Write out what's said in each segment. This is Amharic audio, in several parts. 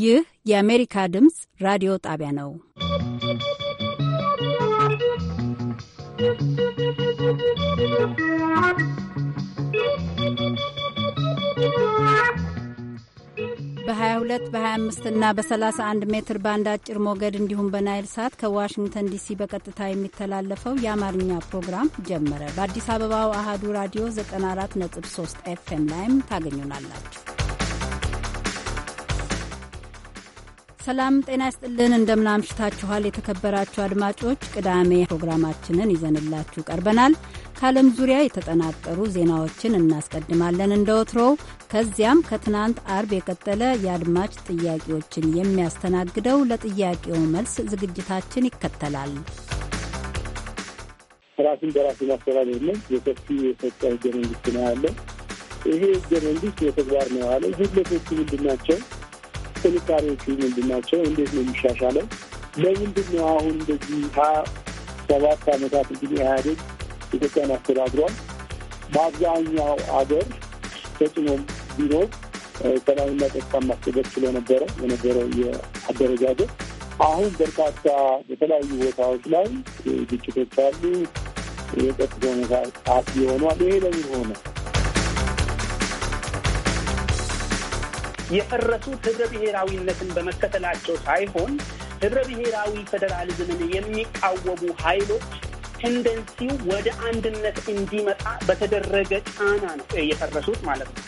ይህ የአሜሪካ ድምፅ ራዲዮ ጣቢያ ነው። በ22 በ25 እና በ31 ሜትር ባንድ አጭር ሞገድ እንዲሁም በናይል ሳት ከዋሽንግተን ዲሲ በቀጥታ የሚተላለፈው የአማርኛ ፕሮግራም ጀመረ። በአዲስ አበባው አሃዱ ራዲዮ 94.3 ኤፍኤም ላይም ታገኙናላችሁ። ሰላም ጤና ይስጥልን። እንደምናምሽታችኋል የተከበራችሁ አድማጮች፣ ቅዳሜ ፕሮግራማችንን ይዘንላችሁ ቀርበናል። ከዓለም ዙሪያ የተጠናቀሩ ዜናዎችን እናስቀድማለን እንደ ወትሮው። ከዚያም ከትናንት አርብ የቀጠለ የአድማጭ ጥያቄዎችን የሚያስተናግደው ለጥያቄው መልስ ዝግጅታችን ይከተላል። ራሱን በራሱ ማስተዳደር ነው። የሰፊ የሰጠ ህገ መንግስት ነው ያለ። ይሄ ህገ መንግስት የተግባር ነው ያለ። ሁለቶቹ ምንድን ናቸው? ጥንካሬዎቹ ምንድን ናቸው? እንዴት ነው የሚሻሻለው? ለምንድን ነው አሁን እንደዚህ ሀያ ሰባት ዓመታት እንግዲህ ኢህአዴግ ኢትዮጵያን አስተዳድሯል። በአብዛኛው አገር ተጽዕኖም ቢኖር ሰላምና ጸጥታ ማስጠበቅ ስለነበረ የነበረው የአደረጃጀት አሁን በርካታ በተለያዩ ቦታዎች ላይ ግጭቶች አሉ። የጸጥታ ሁኔታ አስጊ ሆኗል። ይሄ ለምን ሆነ? የፈረሱት ህብረ ብሔራዊነትን በመከተላቸው ሳይሆን ህብረ ብሔራዊ ፌዴራሊዝምን የሚቃወሙ ኃይሎች ቴንደንሲው ወደ አንድነት እንዲመጣ በተደረገ ጫና ነው የፈረሱት ማለት ነው።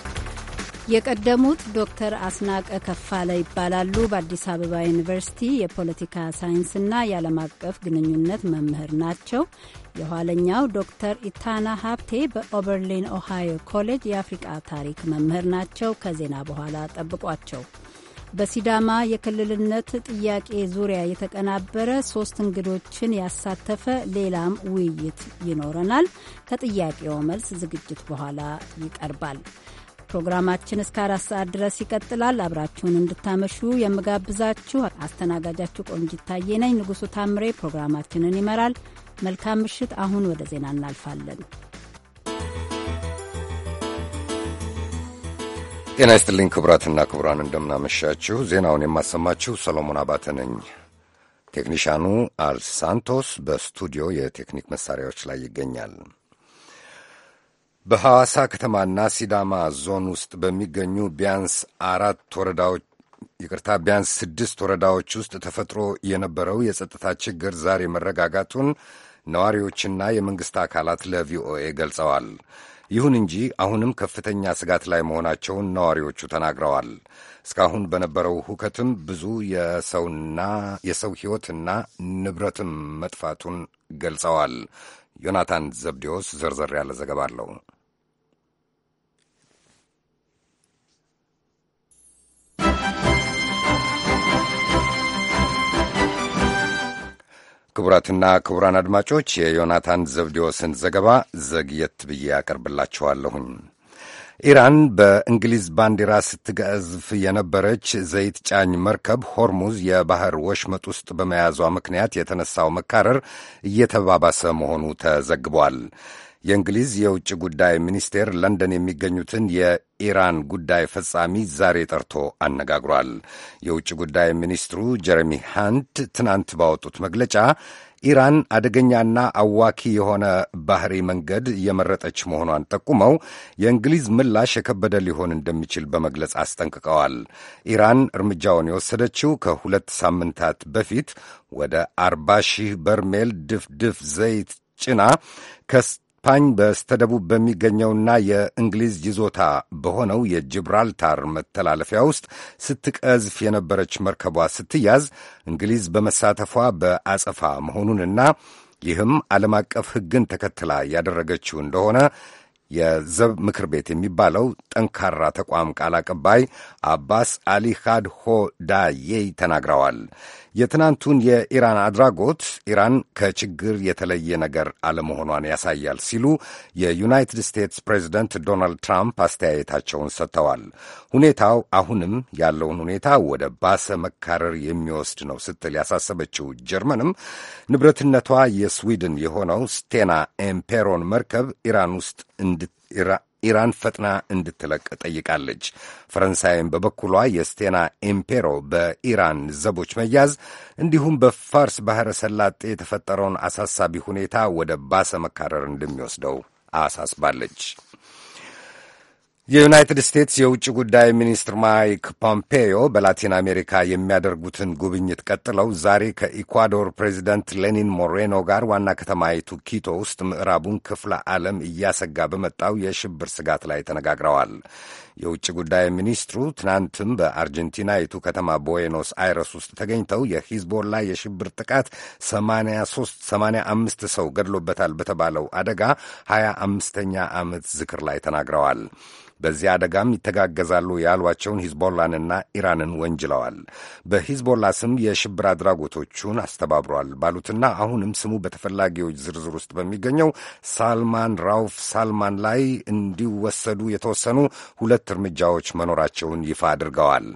የቀደሙት ዶክተር አስናቀ ከፋለ ይባላሉ። በአዲስ አበባ ዩኒቨርሲቲ የፖለቲካ ሳይንስና የዓለም አቀፍ ግንኙነት መምህር ናቸው። የኋለኛው ዶክተር ኢታና ሀብቴ በኦበርሊን ኦሃዮ ኮሌጅ የአፍሪቃ ታሪክ መምህር ናቸው። ከዜና በኋላ ጠብቋቸው። በሲዳማ የክልልነት ጥያቄ ዙሪያ የተቀናበረ ሶስት እንግዶችን ያሳተፈ ሌላም ውይይት ይኖረናል። ከጥያቄው መልስ ዝግጅት በኋላ ይቀርባል። ፕሮግራማችን እስከ አራት ሰዓት ድረስ ይቀጥላል። አብራችሁን እንድታመሹ የምጋብዛችሁ አስተናጋጃችሁ ቆንጂት ታዬ ነኝ። ንጉሱ ታምሬ ፕሮግራማችንን ይመራል። መልካም ምሽት። አሁን ወደ ዜና እናልፋለን። ጤና ይስጥልኝ ክቡራትና ክቡራን፣ እንደምናመሻችሁ። ዜናውን የማሰማችሁ ሰሎሞን አባተ ነኝ። ቴክኒሻኑ አልሳንቶስ በስቱዲዮ የቴክኒክ መሳሪያዎች ላይ ይገኛል። በሐዋሳ ከተማና ሲዳማ ዞን ውስጥ በሚገኙ ቢያንስ አራት ወረዳዎች ይቅርታ ቢያንስ ስድስት ወረዳዎች ውስጥ ተፈጥሮ የነበረው የጸጥታ ችግር ዛሬ መረጋጋቱን ነዋሪዎችና የመንግሥት አካላት ለቪኦኤ ገልጸዋል። ይሁን እንጂ አሁንም ከፍተኛ ስጋት ላይ መሆናቸውን ነዋሪዎቹ ተናግረዋል። እስካሁን በነበረው ሁከትም ብዙ የሰውና የሰው ሕይወትና ንብረትም መጥፋቱን ገልጸዋል። ዮናታን ዘብዴዎስ ዘርዘር ያለ ዘገባ አለው። ክቡራትና ክቡራን አድማጮች የዮናታን ዘብዴዎስን ዘገባ ዘግየት ብዬ ያቀርብላችኋለሁኝ። ኢራን በእንግሊዝ ባንዲራ ስትገዝፍ የነበረች ዘይት ጫኝ መርከብ ሆርሙዝ የባህር ወሽመጥ ውስጥ በመያዟ ምክንያት የተነሳው መካረር እየተባባሰ መሆኑ ተዘግቧል። የእንግሊዝ የውጭ ጉዳይ ሚኒስቴር ለንደን የሚገኙትን የኢራን ጉዳይ ፈጻሚ ዛሬ ጠርቶ አነጋግሯል። የውጭ ጉዳይ ሚኒስትሩ ጀረሚ ሃንት ትናንት ባወጡት መግለጫ ኢራን አደገኛና አዋኪ የሆነ ባህሪ መንገድ የመረጠች መሆኗን ጠቁመው የእንግሊዝ ምላሽ የከበደ ሊሆን እንደሚችል በመግለጽ አስጠንቅቀዋል። ኢራን እርምጃውን የወሰደችው ከሁለት ሳምንታት በፊት ወደ አርባ ሺህ በርሜል ድፍድፍ ዘይት ጭና ስፓኝ በስተደቡብ በሚገኘውና የእንግሊዝ ይዞታ በሆነው የጂብራልታር መተላለፊያ ውስጥ ስትቀዝፍ የነበረች መርከቧ ስትያዝ እንግሊዝ በመሳተፏ በአጸፋ መሆኑንና ይህም ዓለም አቀፍ ሕግን ተከትላ ያደረገችው እንደሆነ የዘብ ምክር ቤት የሚባለው ጠንካራ ተቋም ቃል አቀባይ አባስ አሊ ካድሆ ዳዬይ ተናግረዋል። የትናንቱን የኢራን አድራጎት ኢራን ከችግር የተለየ ነገር አለመሆኗን ያሳያል ሲሉ የዩናይትድ ስቴትስ ፕሬዚደንት ዶናልድ ትራምፕ አስተያየታቸውን ሰጥተዋል። ሁኔታው አሁንም ያለውን ሁኔታ ወደ ባሰ መካረር የሚወስድ ነው ስትል ያሳሰበችው ጀርመንም ንብረትነቷ የስዊድን የሆነው ስቴና ኤምፔሮን መርከብ ኢራን ውስጥ ኢራን ፈጥና እንድትለቅ ጠይቃለች። ፈረንሳይም በበኩሏ የስቴና ኢምፔሮ በኢራን ዘቦች መያዝ እንዲሁም በፋርስ ባሕረ ሰላጤ የተፈጠረውን አሳሳቢ ሁኔታ ወደ ባሰ መካረር እንደሚወስደው አሳስባለች። የዩናይትድ ስቴትስ የውጭ ጉዳይ ሚኒስትር ማይክ ፖምፔዮ በላቲን አሜሪካ የሚያደርጉትን ጉብኝት ቀጥለው ዛሬ ከኢኳዶር ፕሬዚደንት ሌኒን ሞሬኖ ጋር ዋና ከተማይቱ ኪቶ ውስጥ ምዕራቡን ክፍለ ዓለም እያሰጋ በመጣው የሽብር ስጋት ላይ ተነጋግረዋል። የውጭ ጉዳይ ሚኒስትሩ ትናንትም በአርጀንቲናይቱ ከተማ ቦዌኖስ አይረስ ውስጥ ተገኝተው የሂዝቦላ የሽብር ጥቃት 83 85 ሰው ገድሎበታል በተባለው አደጋ 25ኛ ዓመት ዝክር ላይ ተናግረዋል። በዚህ አደጋም ይተጋገዛሉ ያሏቸውን ሂዝቦላንና ኢራንን ወንጅለዋል። በሂዝቦላ ስም የሽብር አድራጎቶቹን አስተባብሯል ባሉትና አሁንም ስሙ በተፈላጊዎች ዝርዝር ውስጥ በሚገኘው ሳልማን ራውፍ ሳልማን ላይ እንዲወሰዱ የተወሰኑ ሁለት እርምጃዎች መኖራቸውን ይፋ አድርገዋል።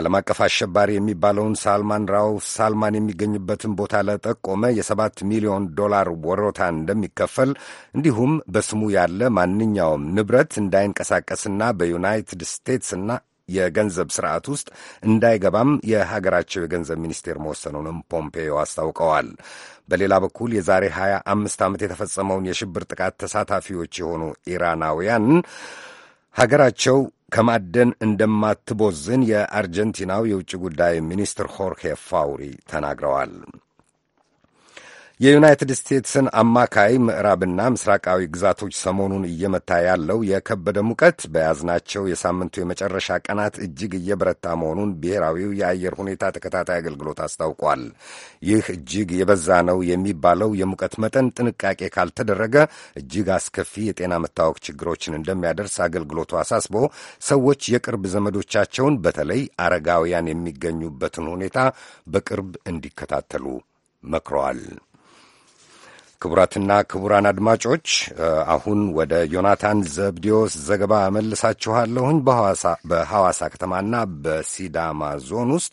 ዓለም አቀፍ አሸባሪ የሚባለውን ሳልማን ራው ሳልማን የሚገኝበትን ቦታ ለጠቆመ የሰባት ሚሊዮን ዶላር ወሮታ እንደሚከፈል እንዲሁም በስሙ ያለ ማንኛውም ንብረት እንዳይንቀሳቀስና በዩናይትድ ስቴትስና የገንዘብ ስርዓት ውስጥ እንዳይገባም የሀገራቸው የገንዘብ ሚኒስቴር መወሰኑንም ፖምፔዮ አስታውቀዋል። በሌላ በኩል የዛሬ 25 ዓመት የተፈጸመውን የሽብር ጥቃት ተሳታፊዎች የሆኑ ኢራናውያን ሀገራቸው ከማደን እንደማትቦዝን የአርጀንቲናው የውጭ ጉዳይ ሚኒስትር ሆርሄ ፋውሪ ተናግረዋል። የዩናይትድ ስቴትስን አማካይ ምዕራብና ምስራቃዊ ግዛቶች ሰሞኑን እየመታ ያለው የከበደ ሙቀት በያዝናቸው የሳምንቱ የመጨረሻ ቀናት እጅግ እየበረታ መሆኑን ብሔራዊው የአየር ሁኔታ ተከታታይ አገልግሎት አስታውቋል። ይህ እጅግ የበዛ ነው የሚባለው የሙቀት መጠን ጥንቃቄ ካልተደረገ እጅግ አስከፊ የጤና መታወክ ችግሮችን እንደሚያደርስ አገልግሎቱ አሳስቦ ሰዎች የቅርብ ዘመዶቻቸውን በተለይ አረጋውያን የሚገኙበትን ሁኔታ በቅርብ እንዲከታተሉ መክረዋል። ክቡራትና ክቡራን አድማጮች አሁን ወደ ዮናታን ዘብዲዮስ ዘገባ መልሳችኋለሁኝ። በሐዋሳ ከተማና በሲዳማ ዞን ውስጥ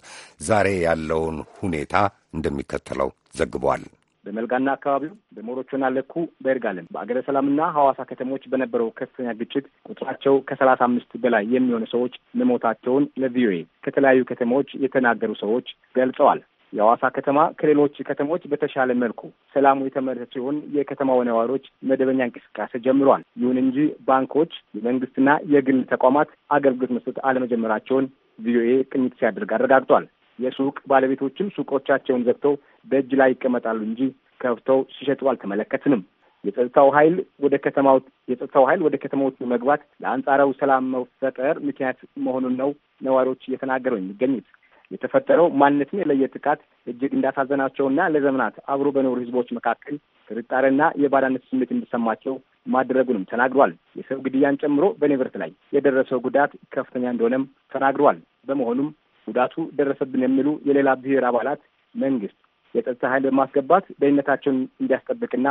ዛሬ ያለውን ሁኔታ እንደሚከተለው ዘግቧል። በመልጋና አካባቢው በሞሮቾና ለኩ በይርጋለም በአገረ ሰላምና ሐዋሳ ከተሞች በነበረው ከፍተኛ ግጭት ቁጥራቸው ከሰላሳ አምስት በላይ የሚሆኑ ሰዎች መሞታቸውን ለቪኦኤ ከተለያዩ ከተሞች የተናገሩ ሰዎች ገልጸዋል። የሐዋሳ ከተማ ከሌሎች ከተሞች በተሻለ መልኩ ሰላሙ የተመረተ ሲሆን የከተማው ነዋሪዎች መደበኛ እንቅስቃሴ ጀምሯል። ይሁን እንጂ ባንኮች፣ የመንግስትና የግል ተቋማት አገልግሎት መስጠት አለመጀመራቸውን ቪኦኤ ቅኝት ሲያደርግ አረጋግጧል። የሱቅ ባለቤቶችም ሱቆቻቸውን ዘግተው በእጅ ላይ ይቀመጣሉ እንጂ ከፍተው ሲሸጡ አልተመለከትንም። የጸጥታው ኃይል ወደ ከተማው የጸጥታው ኃይል ወደ ከተማዎቹ መግባት ለአንጻራዊ ሰላም መፈጠር ምክንያት መሆኑን ነው ነዋሪዎች እየተናገረው የሚገኙት። የተፈጠረው ማንነትን የለየ ጥቃት እጅግ እንዳሳዘናቸውና ለዘመናት አብሮ በኖሩ ህዝቦች መካከል ጥርጣሬና የባዳነት ስሜት እንዲሰማቸው ማድረጉንም ተናግሯል። የሰው ግድያን ጨምሮ በንብረት ላይ የደረሰው ጉዳት ከፍተኛ እንደሆነም ተናግሯል። በመሆኑም ጉዳቱ ደረሰብን የሚሉ የሌላ ብሔር አባላት መንግስት የጸጥታ ኃይል በማስገባት ደህንነታቸውን እንዲያስጠብቅና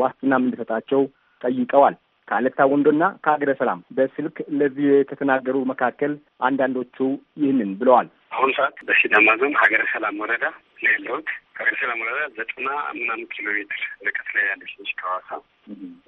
ዋስትናም እንዲሰጣቸው ጠይቀዋል። ከአለታ ወንዶና ከሀገረ ሰላም በስልክ ለዚህ ከተናገሩ መካከል አንዳንዶቹ ይህንን ብለዋል። አሁኑ ሰዓት በሲዳማ ዞን ሀገረ ሰላም ወረዳ ነው ያለሁት። አገር ሰላሙላ ዘጠና ምናምን ኪሎ ሜትር ርቀት ላይ ያለች ልጅ ከሐዋሳ።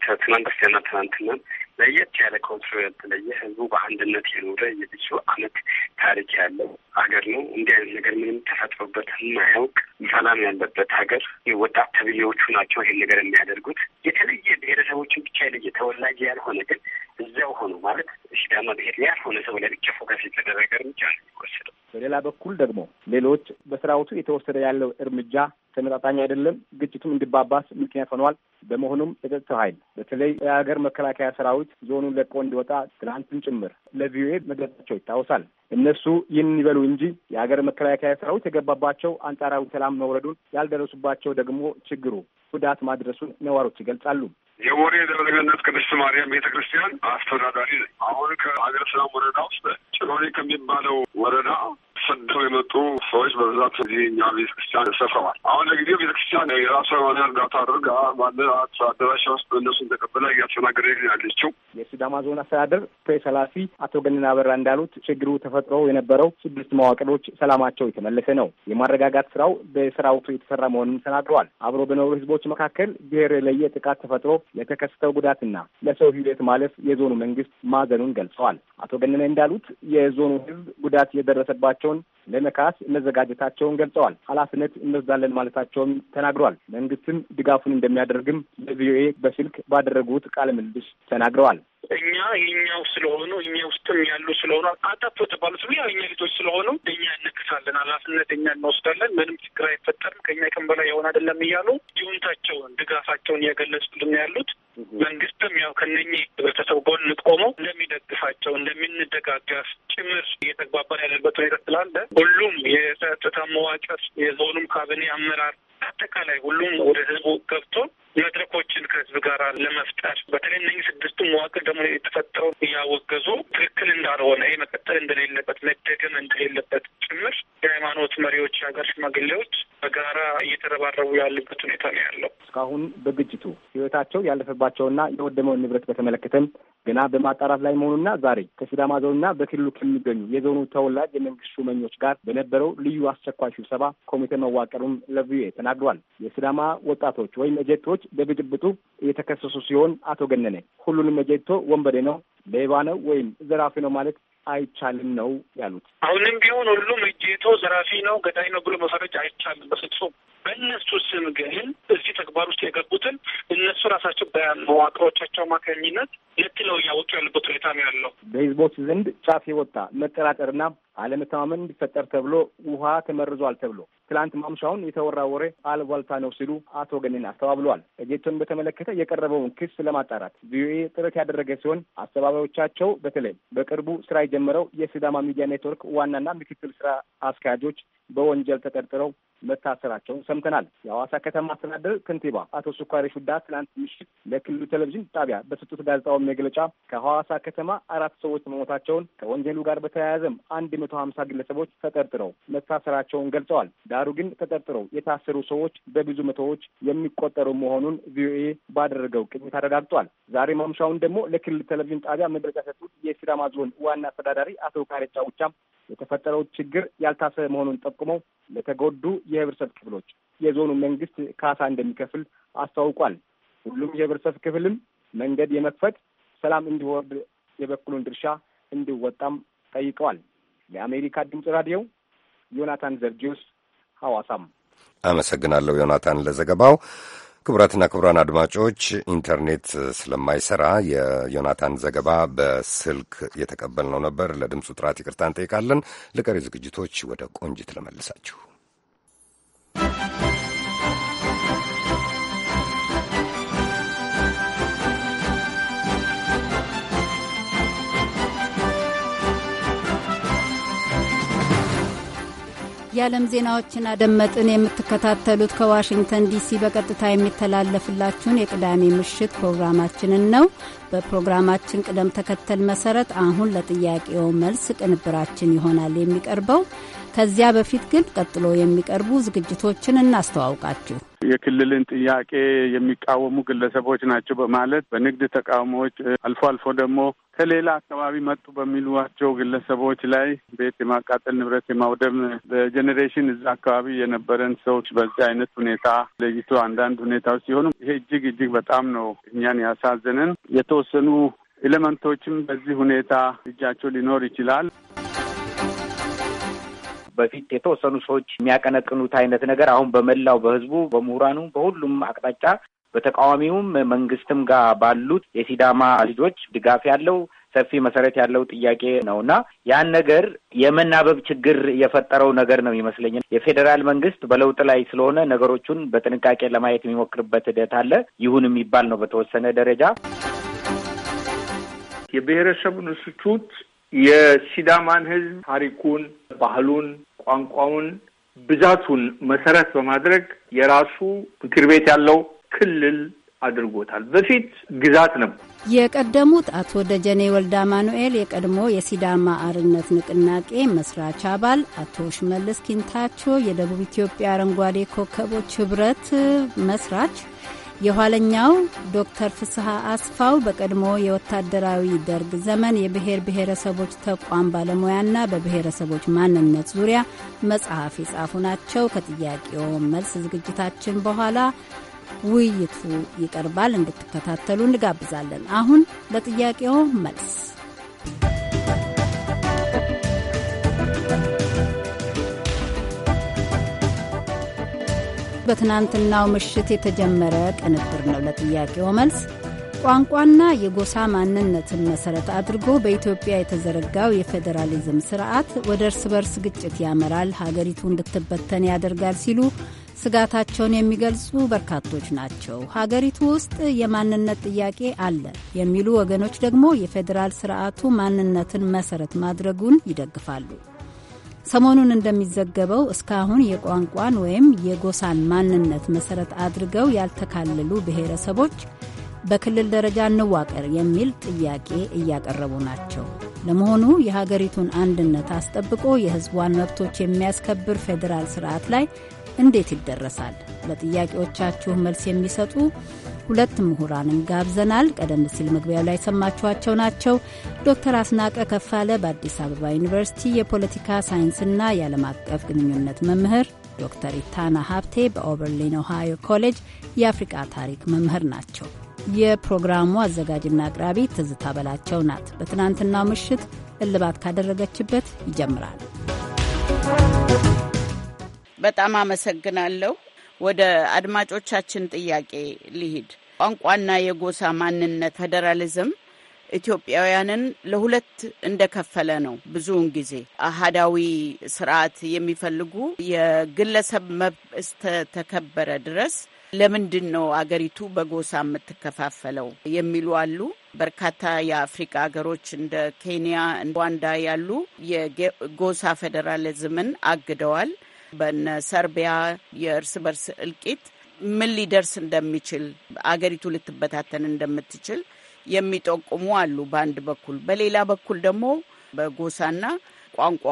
ከትናንት በስቲያና ትናንትና ለየት ያለ ከወትሮ ያተለየ ህዝቡ በአንድነት የኖረ የብዙ አመት ታሪክ ያለው ሀገር ነው። እንዲህ አይነት ነገር ምንም ተፈጥሮበት የማያውቅ ሰላም ያለበት ሀገር። ወጣት ተብዬዎቹ ናቸው ይሄን ነገር የሚያደርጉት። የተለየ ብሔረሰቦችን ብቻ የለየ ተወላጅ ያልሆነ ግን እዚያው ሆኖ ማለት ሲዳማ ብሔር ያልሆነ ሰው ላይ ብቻ ፎከስ የተደረገ እርምጃ ነው የሚወሰደው። በሌላ በኩል ደግሞ ሌሎች በስራዎቱ የተወሰደ ያለው እርምጃ ተመጣጣኝ አይደለም፣ ግጭቱም እንዲባባስ ምክንያት ሆኗል። በመሆኑም የጸጥታው ኃይል በተለይ የሀገር መከላከያ ሰራዊት ዞኑን ለቆ እንዲወጣ ትናንትም ጭምር ለቪኦኤ መግለጻቸው ይታወሳል። እነሱ ይህን ይበሉ እንጂ የሀገር መከላከያ ሰራዊት የገባባቸው አንጻራዊ ሰላም መውረዱን፣ ያልደረሱባቸው ደግሞ ችግሩ ጉዳት ማድረሱን ነዋሪዎች ይገልጻሉ። የወሬ ደብረ ገነት ቅድስት ማርያም ቤተ ክርስቲያን አስተዳዳሪ ነኝ። አሁን ከሀገረ ሰላም ወረዳ ውስጥ ጭሮኔ ከሚባለው ወረዳ ተሰደው የመጡ ሰዎች በብዛት እዚህ እኛ ቤተክርስቲያን ሰፍረዋል። አሁን ለጊዜው ቤተክርስቲያን የራሷ የሆነ እርዳታ አድርጋ ባለ አደራሻ ውስጥ እነሱን ተቀብላ እያስተናገደ ያለችው። የሲዳማ ዞን አስተዳደር ፕሬስ ኃላፊ አቶ ገነና አበራ እንዳሉት ችግሩ ተፈጥሮ የነበረው ስድስት መዋቅሮች ሰላማቸው የተመለሰ ነው። የማረጋጋት ስራው በስራውቱ የተሰራ መሆኑን ተናግረዋል። አብሮ በኖሩ ህዝቦች መካከል ብሔር የለየ ጥቃት ተፈጥሮ ለተከሰተው ጉዳትና ለሰው ህይወት ማለፍ የዞኑ መንግስት ማዘኑን ገልጸዋል። አቶ ገነነ እንዳሉት የዞኑ ህዝብ ጉዳት የደረሰባቸውን ሁኔታውን ለመካስ መዘጋጀታቸውን ገልጸዋል። ኃላፊነት እንወስዳለን ማለታቸውን ተናግረዋል። መንግስትም ድጋፉን እንደሚያደርግም ለቪኦኤ በስልክ ባደረጉት ቃለ ምልልስ ተናግረዋል። እኛ የኛው ስለሆኑ እኛ ውስጥም ያሉ ስለሆኑ አዳቶ የተባሉ ስሉ ያው እኛ ልጆች ስለሆኑ እኛ ያነክሳለን፣ ኃላፊነት እኛ እንወስዳለን፣ ምንም ችግር አይፈጠርም፣ ከእኛ ቀን በላይ የሆነ አይደለም እያሉ ይሁንታቸውን ድጋፋቸውን እያገለጹልን ያሉት መንግስትም ያው ከነኚ ህብረተሰብ ጎን ቆመው እንደሚደግፋቸው እንደሚንደጋጋፍ ጭምር እየተግባባን ያለበት ሁኔታ ስላለ ሁሉም የጸጥታ መዋቅር የዞኑም ካቢኔ አመራር አጠቃላይ ሁሉም ወደ ህዝቡ ገብቶ መድረኮችን ከህዝብ ጋር ለመፍጠር በተለይ እነኝህ ስድስቱ መዋቅር ደግሞ የተፈጠረው እያወገዙ ትክክል እንዳልሆነ ይህ መቀጠል እንደሌለበት መደገም እንደሌለበት ጭምር የሃይማኖት መሪዎች፣ የሀገር ሽማግሌዎች በጋራ እየተረባረቡ ያሉበት ሁኔታ ነው ያለው። እስካሁን በግጭቱ ህይወታቸው ያለፈባቸውና የወደመውን ንብረት በተመለከተም ገና በማጣራት ላይ መሆኑና ዛሬ ከሲዳማ ዞንና በክልሉ ከሚገኙ የዞኑ ተወላጅ የመንግስት ሹመኞች ጋር በነበረው ልዩ አስቸኳይ ስብሰባ ኮሚቴ መዋቀሩን ለቪኦኤ ተናግሯል። የሲዳማ ወጣቶች ወይም እጀቶች በብጥብጡ የተከሰሱ ሲሆን አቶ ገነነ ሁሉንም መጀቶ ወንበዴ ነው፣ ሌባ ነው ወይም ዘራፊ ነው ማለት አይቻልም ነው ያሉት። አሁንም ቢሆን ሁሉም እጀቶ ዘራፊ ነው፣ ገዳይ ነው ብሎ መፈረጅ አይቻልም በፍጹም። በእነሱ ስም ግን እዚህ ተግባር ውስጥ የገቡትን እነሱ ራሳቸው በመዋቅሮቻቸው አማካኝነት ነጥለው እያወጡ ያሉበት ሁኔታ ነው ያለው። በህዝቦች ዘንድ ጫፍ የወጣ መጠራጠርና አለመተማመን እንዲፈጠር ተብሎ ውሃ ተመርዟል ተብሎ ትላንት ማምሻውን የተወራ ወሬ አልቧልታ ነው ሲሉ አቶ ገነን አስተባብለዋል። እጌቶን በተመለከተ የቀረበውን ክስ ለማጣራት ቪኦኤ ጥረት ያደረገ ሲሆን አስተባባዮቻቸው በተለይ በቅርቡ ስራ የጀመረው የሲዳማ ሚዲያ ኔትወርክ ዋናና ምክትል ስራ አስኪያጆች በወንጀል ተጠርጥረው መታሰራቸውን ሰምተናል። የሐዋሳ ከተማ አስተዳደር ከንቲባ አቶ ስኳሪ ሹዳ ትናንት ምሽት ለክልሉ ቴሌቪዥን ጣቢያ በሰጡት ጋዜጣዊ መግለጫ ከሐዋሳ ከተማ አራት ሰዎች መሞታቸውን ከወንጀሉ ጋር በተያያዘም አንድ መቶ ሀምሳ ግለሰቦች ተጠርጥረው መታሰራቸውን ገልጸዋል። ዳሩ ግን ተጠርጥረው የታሰሩ ሰዎች በብዙ መቶዎች የሚቆጠሩ መሆኑን ቪኦኤ ባደረገው ቅኝት አረጋግጧል። ዛሬ ማምሻውን ደግሞ ለክልል ቴሌቪዥን ጣቢያ መግለጫ የሰጡት የሲዳማ ዞን ዋና አስተዳዳሪ አቶ ካሬቻ ውቻም የተፈጠረው ችግር ያልታሰበ መሆኑን ጠ ጠቁመው ለተጎዱ የህብረተሰብ ክፍሎች የዞኑ መንግስት ካሳ እንደሚከፍል አስታውቋል። ሁሉም የህብረተሰብ ክፍልም መንገድ የመክፈት ሰላም እንዲወርድ የበኩሉን ድርሻ እንዲወጣም ጠይቀዋል። ለአሜሪካ ድምፅ ራዲዮ ዮናታን ዘርጂዮስ ሐዋሳም አመሰግናለሁ። ዮናታን ለዘገባው። ክቡራትና ክቡራን አድማጮች ኢንተርኔት ስለማይሰራ የዮናታን ዘገባ በስልክ የተቀበልነው ነበር። ለድምፁ ጥራት ይቅርታን ጠይቃለን። ለቀሪ ዝግጅቶች ወደ ቆንጅት ለመልሳችሁ የዓለም ዜናዎችን አደመጥን። የምትከታተሉት ከዋሽንግተን ዲሲ በቀጥታ የሚተላለፍላችሁን የቅዳሜ ምሽት ፕሮግራማችንን ነው። በፕሮግራማችን ቅደም ተከተል መሰረት አሁን ለጥያቄው መልስ ቅንብራችን ይሆናል የሚቀርበው። ከዚያ በፊት ግን ቀጥሎ የሚቀርቡ ዝግጅቶችን እናስተዋውቃችሁ። የክልልን ጥያቄ የሚቃወሙ ግለሰቦች ናቸው በማለት በንግድ ተቃውሞዎች፣ አልፎ አልፎ ደግሞ ከሌላ አካባቢ መጡ በሚሏቸው ግለሰቦች ላይ ቤት የማቃጠል ንብረት የማውደም በጀኔሬሽን እዛ አካባቢ የነበረን ሰዎች በዚህ አይነት ሁኔታ ለይቶ አንዳንድ ሁኔታዎች ሲሆኑ ይሄ እጅግ እጅግ በጣም ነው እኛን ያሳዘንን። የተወሰኑ ኤሌመንቶችም በዚህ ሁኔታ እጃቸው ሊኖር ይችላል። በፊት የተወሰኑ ሰዎች የሚያቀነቅኑት አይነት ነገር አሁን በመላው በህዝቡ በምሁራኑ፣ በሁሉም አቅጣጫ በተቃዋሚውም መንግስትም ጋር ባሉት የሲዳማ ልጆች ድጋፍ ያለው ሰፊ መሰረት ያለው ጥያቄ ነው እና ያን ነገር የመናበብ ችግር የፈጠረው ነገር ነው ይመስለኝ። የፌዴራል መንግስት በለውጥ ላይ ስለሆነ ነገሮቹን በጥንቃቄ ለማየት የሚሞክርበት ሂደት አለ። ይሁን የሚባል ነው በተወሰነ ደረጃ የብሔረሰቡ ንስቹት የሲዳማን ህዝብ ታሪኩን፣ ባህሉን፣ ቋንቋውን ብዛቱን መሰረት በማድረግ የራሱ ምክር ቤት ያለው ክልል አድርጎታል። በፊት ግዛት ነው። የቀደሙት አቶ ደጀኔ ወልደ አማኑኤል የቀድሞ የሲዳማ አርነት ንቅናቄ መስራች አባል፣ አቶ ሽመልስ ኪንታቾ የደቡብ ኢትዮጵያ አረንጓዴ ኮከቦች ህብረት መስራች የኋለኛው ዶክተር ፍስሐ አስፋው በቀድሞ የወታደራዊ ደርግ ዘመን የብሔር ብሔረሰቦች ተቋም ባለሙያና በብሔረሰቦች ማንነት ዙሪያ መጽሐፍ የጻፉ ናቸው። ከጥያቄው መልስ ዝግጅታችን በኋላ ውይይቱ ይቀርባል። እንድትከታተሉ እንጋብዛለን። አሁን ለጥያቄው መልስ በትናንትናው ምሽት የተጀመረ ቅንብር ነው። ለጥያቄው መልስ ቋንቋና የጎሳ ማንነትን መሰረት አድርጎ በኢትዮጵያ የተዘረጋው የፌዴራሊዝም ስርዓት ወደ እርስ በርስ ግጭት ያመራል፣ ሀገሪቱ እንድትበተን ያደርጋል ሲሉ ስጋታቸውን የሚገልጹ በርካቶች ናቸው። ሀገሪቱ ውስጥ የማንነት ጥያቄ አለ የሚሉ ወገኖች ደግሞ የፌዴራል ስርዓቱ ማንነትን መሰረት ማድረጉን ይደግፋሉ። ሰሞኑን እንደሚዘገበው እስካሁን የቋንቋን ወይም የጎሳን ማንነት መሰረት አድርገው ያልተካለሉ ብሔረሰቦች በክልል ደረጃ እንዋቀር የሚል ጥያቄ እያቀረቡ ናቸው። ለመሆኑ የሀገሪቱን አንድነት አስጠብቆ የሕዝቧን መብቶች የሚያስከብር ፌዴራል ስርዓት ላይ እንዴት ይደረሳል? ለጥያቄዎቻችሁ መልስ የሚሰጡ ሁለት ምሁራንን ጋብዘናል። ቀደም ሲል መግቢያው ላይ ሰማችኋቸው ናቸው። ዶክተር አስናቀ ከፋለ በአዲስ አበባ ዩኒቨርሲቲ የፖለቲካ ሳይንስና የዓለም አቀፍ ግንኙነት መምህር፣ ዶክተር ኢታና ሀብቴ በኦበርሊን ኦሃዮ ኮሌጅ የአፍሪቃ ታሪክ መምህር ናቸው። የፕሮግራሙ አዘጋጅና አቅራቢ ትዝታ በላቸው ናት። በትናንትናው ምሽት እልባት ካደረገችበት ይጀምራል። በጣም አመሰግናለሁ። ወደ አድማጮቻችን ጥያቄ ሊሂድ ቋንቋና የጎሳ ማንነት ፌዴራሊዝም ኢትዮጵያውያንን ለሁለት እንደከፈለ ነው። ብዙውን ጊዜ አህዳዊ ስርዓት የሚፈልጉ የግለሰብ መብት እስተተከበረ ድረስ ለምንድን ነው አገሪቱ በጎሳ የምትከፋፈለው የሚሉ አሉ። በርካታ የአፍሪካ ሀገሮች እንደ ኬንያ፣ ሩዋንዳ ያሉ የጎሳ ፌዴራሊዝምን አግደዋል። በነ ሰርቢያ የእርስ በርስ እልቂት ምን ሊደርስ እንደሚችል አገሪቱ ልትበታተን እንደምትችል የሚጠቁሙ አሉ በአንድ በኩል። በሌላ በኩል ደግሞ በጎሳና ቋንቋ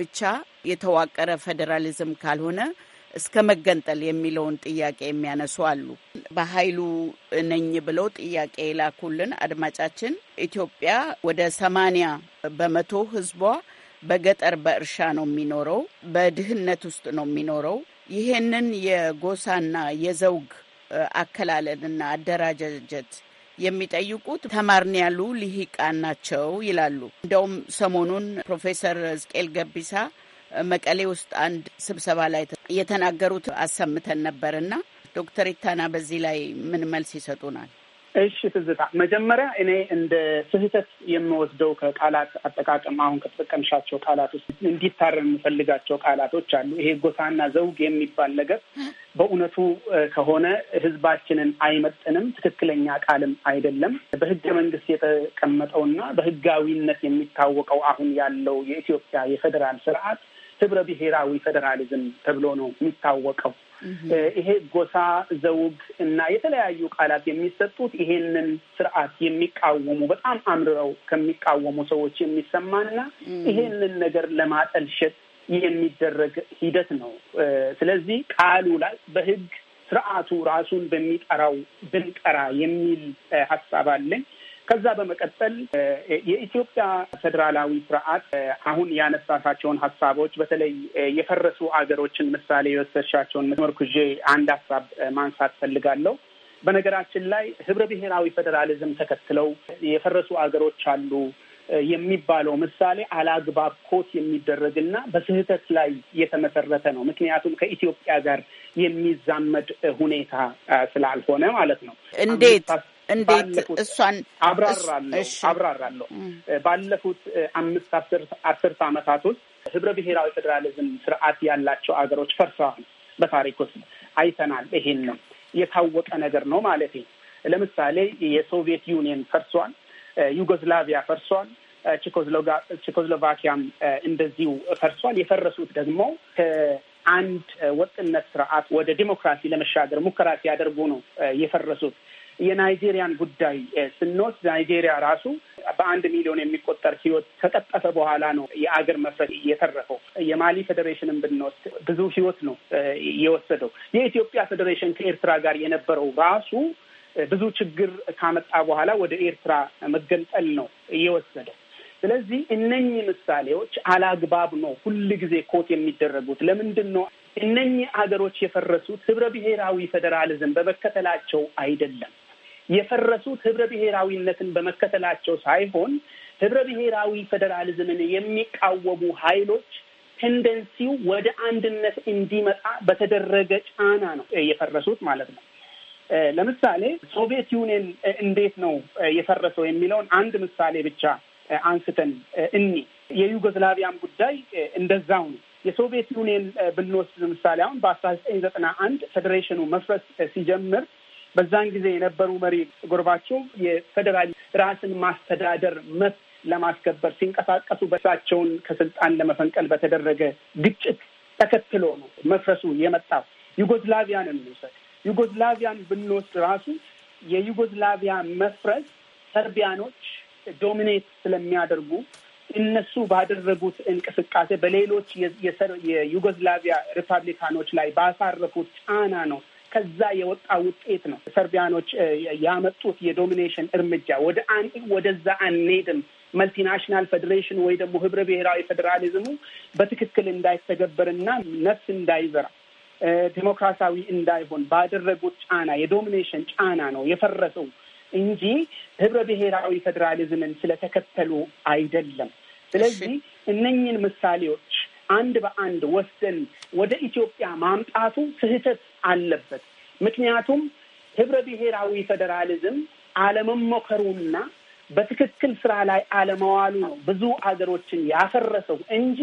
ብቻ የተዋቀረ ፌዴራሊዝም ካልሆነ እስከ መገንጠል የሚለውን ጥያቄ የሚያነሱ አሉ። በኃይሉ ነኝ ብለው ጥያቄ የላኩልን አድማጫችን ኢትዮጵያ ወደ ሰማንያ በመቶ ህዝቧ በገጠር በእርሻ ነው የሚኖረው፣ በድህነት ውስጥ ነው የሚኖረው። ይሄንን የጎሳና የዘውግ አከላለልና አደራጃጀት የሚጠይቁት ተማርን ያሉ ልሂቃን ናቸው ይላሉ። እንደውም ሰሞኑን ፕሮፌሰር ዝቅኤል ገቢሳ መቀሌ ውስጥ አንድ ስብሰባ ላይ የተናገሩት አሰምተን ነበርና ዶክተር ኢታና በዚህ ላይ ምን መልስ ይሰጡናል? እሺ ትዝታ፣ መጀመሪያ እኔ እንደ ስህተት የምወስደው ከቃላት አጠቃቀም አሁን ከተጠቀምሻቸው ቃላት ውስጥ እንዲታረም የምፈልጋቸው ቃላቶች አሉ። ይሄ ጎሳና ዘውግ የሚባል ነገር በእውነቱ ከሆነ ሕዝባችንን አይመጥንም፣ ትክክለኛ ቃልም አይደለም። በህገ መንግስት የተቀመጠውና በህጋዊነት የሚታወቀው አሁን ያለው የኢትዮጵያ የፌዴራል ስርዓት ህብረ ብሔራዊ ፌዴራሊዝም ተብሎ ነው የሚታወቀው። ይሄ ጎሳ፣ ዘውግ እና የተለያዩ ቃላት የሚሰጡት ይሄንን ስርዓት የሚቃወሙ በጣም አምርረው ከሚቃወሙ ሰዎች የሚሰማና ይሄንን ነገር ለማጠልሸት የሚደረግ ሂደት ነው። ስለዚህ ቃሉ ላይ በህግ ስርዓቱ ራሱን በሚጠራው ብንጠራ የሚል ሀሳብ አለኝ። ከዛ በመቀጠል የኢትዮጵያ ፌዴራላዊ ስርዓት አሁን ያነሳሳቸውን ሀሳቦች በተለይ የፈረሱ አገሮችን ምሳሌ የወሰድሻቸውን መርኩዤ አንድ ሀሳብ ማንሳት ፈልጋለሁ። በነገራችን ላይ ህብረ ብሔራዊ ፌዴራሊዝም ተከትለው የፈረሱ አገሮች አሉ የሚባለው ምሳሌ አላግባብ ኮት የሚደረግና በስህተት ላይ የተመሰረተ ነው። ምክንያቱም ከኢትዮጵያ ጋር የሚዛመድ ሁኔታ ስላልሆነ ማለት ነው። እንዴት እንዴት እሷን አብራራለሁ አብራራለሁ። ባለፉት አምስት አስርት ዓመታት ውስጥ ህብረ ብሔራዊ ፌዴራሊዝም ስርዓት ያላቸው አገሮች ፈርሰዋል። በታሪክ ውስጥ አይተናል። ይሄን ነው የታወቀ ነገር ነው ማለት ነው። ለምሳሌ የሶቪየት ዩኒየን ፈርሷል፣ ዩጎስላቪያ ፈርሷል፣ ቼኮስሎቫኪያም እንደዚሁ ፈርሷል። የፈረሱት ደግሞ ከአንድ ወጥነት ስርዓት ወደ ዲሞክራሲ ለመሻገር ሙከራ ሲያደርጉ ነው የፈረሱት። የናይጄሪያን ጉዳይ ስንወስድ ናይጄሪያ ራሱ በአንድ ሚሊዮን የሚቆጠር ህይወት ከቀጠፈ በኋላ ነው የአገር መፍረስ የተረፈው። የማሊ ፌዴሬሽንን ብንወስድ ብዙ ህይወት ነው የወሰደው። የኢትዮጵያ ፌዴሬሽን ከኤርትራ ጋር የነበረው ራሱ ብዙ ችግር ካመጣ በኋላ ወደ ኤርትራ መገንጠል ነው እየወሰደው። ስለዚህ እነኚህ ምሳሌዎች አላግባብ ነው ሁል ጊዜ ኮት የሚደረጉት። ለምንድን ነው እነኚህ ሀገሮች የፈረሱት? ህብረ ብሔራዊ ፌዴራሊዝም በመከተላቸው አይደለም። የፈረሱት ህብረ ብሔራዊነትን በመከተላቸው ሳይሆን ህብረ ብሔራዊ ፌዴራሊዝምን የሚቃወሙ ኃይሎች ቴንደንሲው ወደ አንድነት እንዲመጣ በተደረገ ጫና ነው የፈረሱት ማለት ነው። ለምሳሌ ሶቪየት ዩኒየን እንዴት ነው የፈረሰው የሚለውን አንድ ምሳሌ ብቻ አንስተን እኒ የዩጎዝላቪያን ጉዳይ እንደዛው ነው። የሶቪየት ዩኒየን ብንወስድ ምሳሌ አሁን በአስራ ዘጠኝ ዘጠና አንድ ፌዴሬሽኑ መፍረስ ሲጀምር በዛን ጊዜ የነበሩ መሪ ጎርባቸው የፌዴራል ራስን ማስተዳደር መብት ለማስከበር ሲንቀሳቀሱ በሳቸውን ከስልጣን ለመፈንቀል በተደረገ ግጭት ተከትሎ ነው መፍረሱ የመጣው። ዩጎዝላቪያንን እንውሰድ። ዩጎዝላቪያን ብንወስድ ራሱ የዩጎዝላቪያ መፍረስ ሰርቢያኖች ዶሚኔት ስለሚያደርጉ እነሱ ባደረጉት እንቅስቃሴ በሌሎች የዩጎዝላቪያ ሪፐብሊካኖች ላይ ባሳረፉት ጫና ነው ከዛ የወጣ ውጤት ነው። ሰርቢያኖች ያመጡት የዶሚኔሽን እርምጃ ወደ ወደዛ አንሄድም መልቲናሽናል ፌዴሬሽን ወይ ደግሞ ህብረ ብሔራዊ ፌዴራሊዝሙ በትክክል እንዳይተገበርና ነፍስ እንዳይዘራ ዲሞክራሲያዊ እንዳይሆን ባደረጉት ጫና የዶሚኔሽን ጫና ነው የፈረሰው እንጂ ህብረ ብሔራዊ ፌዴራሊዝምን ስለተከተሉ አይደለም። ስለዚህ እነኝን ምሳሌዎች አንድ በአንድ ወስደን ወደ ኢትዮጵያ ማምጣቱ ስህተት አለበት። ምክንያቱም ህብረ ብሔራዊ ፌዴራሊዝም አለመሞከሩና በትክክል ስራ ላይ አለመዋሉ ነው ብዙ አገሮችን ያፈረሰው እንጂ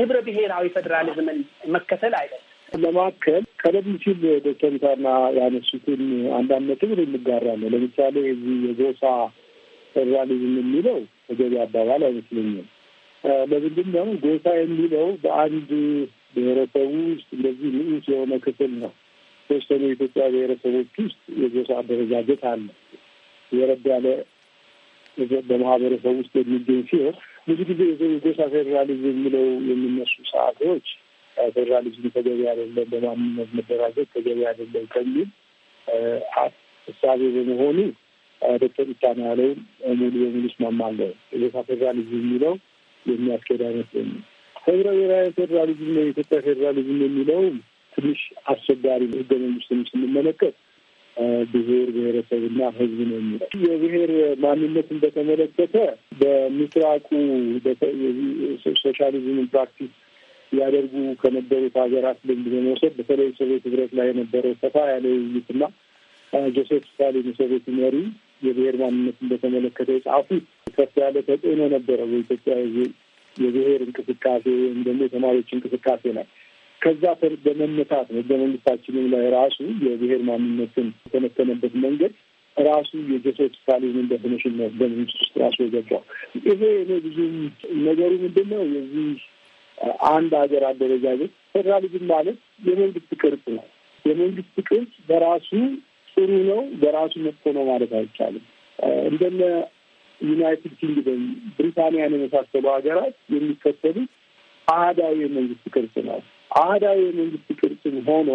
ህብረ ብሔራዊ ፌዴራሊዝምን መከተል አይደለም። ለማከል ቀደም ሲል ዶክተር ሳና ያነሱትን አንዳንድ ነጥብ እንጋራለን። ለምሳሌ እዚህ የጎሳ ፌዴራሊዝም የሚለው ተገቢ አባባል አይመስለኝም። ለምንድን ነው ጎሳ የሚለው በአንድ ብሔረሰቡ ውስጥ እንደዚህ ንዑስ የሆነ ክፍል ነው የተወሰኑ የኢትዮጵያ ብሔረሰቦች ውስጥ የጎሳ አደረጃጀት አለ። የረብ ያለ በማህበረሰብ ውስጥ የሚገኝ ሲሆን ብዙ ጊዜ የጎሳ ፌዴራሊዝም የሚለው የሚነሱ ሰዓቶች ፌዴራሊዝም ተገቢ አይደለም፣ በማንነት መደራጀት ተገቢ አይደለም ከሚል እሳቤ በመሆኑ ዶክተር ኢታና ያለውን ሙሉ በሙሉ እስማማለሁ። የጎሳ ፌዴራሊዝም የሚለው የሚያስኬድ አይነት ነው። ህብረ ብሔራዊ ፌዴራሊዝም ነው የኢትዮጵያ ፌዴራሊዝም የሚለውም ትንሽ አስቸጋሪ ህገ መንግስቱን ስንመለከት ብሔር ብሔረሰብና ህዝብ ነው የሚለው። የብሔር ማንነትን በተመለከተ በምስራቁ ሶሻሊዝምን ፕራክቲስ ያደርጉ ከነበሩት ሀገራት ልምድ በመውሰድ በተለይ ሶቪየት ህብረት ላይ የነበረው ሰፋ ያለ ውይይትና ጆሴፍ ስታሊን የሶቪየት መሪ የብሔር ማንነትን በተመለከተ የጻፉት ከፍ ያለ ተጽዕኖ ነበረ በኢትዮጵያ የብሔር እንቅስቃሴ ወይም ደግሞ የተማሪዎች እንቅስቃሴ ነው። ከዛ በመነሳት ህገ መንግስታችንም ላይ ራሱ የብሔር ማንነትን የተነተነበት መንገድ ራሱ የጀቶታሊዝም ደፊኒሽን ነው ህገ መንግስት ውስጥ ራሱ የገባው። ይሄ እኔ ብዙም ነገሩ ምንድን ነው የዚህ አንድ ሀገር አደረጃጀት ፌዴራሊዝም ማለት የመንግስት ቅርጽ ነው። የመንግስት ቅርጽ በራሱ ጥሩ ነው፣ በራሱ መጥፎ ነው ማለት አይቻልም። እንደነ ዩናይትድ ኪንግደም፣ ብሪታንያን የመሳሰሉ ሀገራት የሚከተሉት አህዳዊ የመንግስት ቅርጽ ነው። አህዳዊ የመንግስት ቅርጽም ሆኖ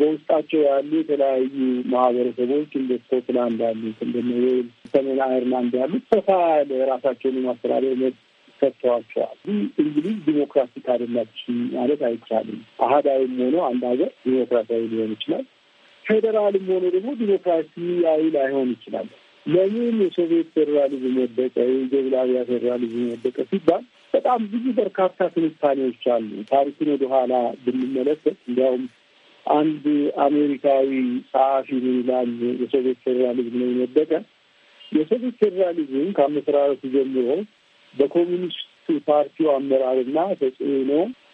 በውስጣቸው ያሉ የተለያዩ ማህበረሰቦች እንደ ስኮትላንድ ያሉት እንደ ዌልስ፣ ሰሜን አይርላንድ ያሉት ሰፋ ያለ ራሳቸውን የማስተዳደር መብት ሰጥተዋቸዋል። እንግሊዝ ዲሞክራቲክ አይደላችም ማለት አይቻልም። አህዳዊም ሆኖ አንድ ሀገር ዲሞክራሲያዊ ሊሆን ይችላል። ፌዴራልም ሆኖ ደግሞ ዲሞክራሲያዊ ላይሆን ይችላል። ለምን የሶቪየት ፌዴራሊዝም ወደቀ? የዩጎዝላቪያ ፌዴራሊዝም ወደቀ ሲባል በጣም ብዙ በርካታ ትንታኔዎች አሉ። ታሪኩን ወደኋላ ብንመለከት እንዲያውም አንድ አሜሪካዊ ጸሐፊ ምን ይላል? የሶቪየት ፌዴራሊዝም ነው የወደቀ። የሶቪየት ፌዴራሊዝም ከአመሰራረቱ ጀምሮ በኮሚኒስቱ ፓርቲው አመራርና ተጽዕኖ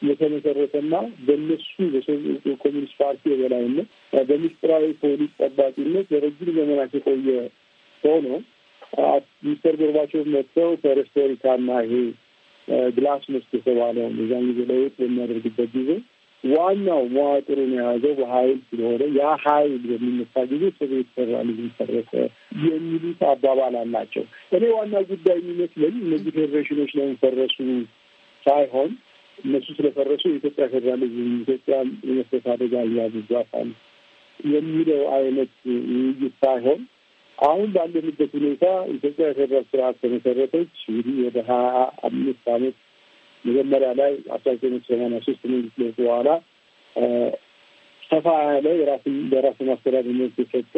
የተመሰረተና በነሱ የኮሚኒስት ፓርቲ የበላይነት በምስጢራዊ ፖሊስ ጠባቂነት ለረጅም ዘመናት የቆየ ሆኖ ሚስተር ጎርባቾቭ መጥተው ከሬስቶሪካና ይሄ ግላስ መስት የተባለውን የዛን ጊዜ ለውጥ በሚያደርግበት ጊዜ ዋናው መዋቅሩን የያዘው በሀይል ስለሆነ ያ ሀይል በሚነሳ ጊዜ ሰው የተሰራ ልጅ ሰረሰ የሚሉት አባባል አላቸው። እኔ ዋና ጉዳይ የሚመስለኝ እነዚህ ፌዴሬሽኖች ለመፈረሱ ሳይሆን እነሱ ስለፈረሱ የኢትዮጵያ ፌዴራሊዝም ኢትዮጵያ የመስረት አደጋ እያዙባታል የሚለው አይነት ውይይት ሳይሆን አሁን ባለንበት ሁኔታ ኢትዮጵያ የፌደራል ስርዓት ተመሰረተች ይህ ወደ ሀያ አምስት አመት መጀመሪያ ላይ አስራ ዘጠኝ ሰማንያ ሶስት መንግስት ለውጥ በኋላ ሰፋ ያለ የራስን በራስን ማስተዳደር መብት የሰጠ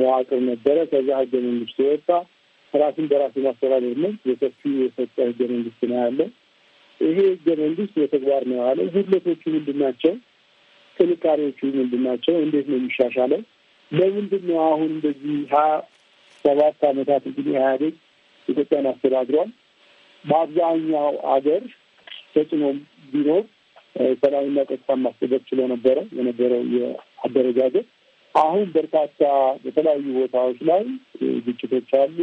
መዋቅር ነበረ። ከዛ ህገ መንግስት የወጣ ራስን በራስ ማስተዳደር መብት የሰፊ የሰጠ ህገ መንግስት ነው ያለ። ይሄ ህገ መንግስት በተግባር ነው ያለ። ጉድለቶቹ ምንድን ናቸው? ጥንካሬዎቹ ምንድን ናቸው? እንዴት ነው የሚሻሻለው? ለምንድን ነው አሁን እንደዚህ ሀያ ሰባት ዓመታት እንግዲህ ኢህአዴግ ኢትዮጵያን አስተዳድሯል። በአብዛኛው አገር ተጽዕኖ ቢኖር ሰላምና ቀጥታ ማስጠበቅ ስለነበረ የነበረው የአደረጃጀት አሁን በርካታ በተለያዩ ቦታዎች ላይ ግጭቶች አሉ።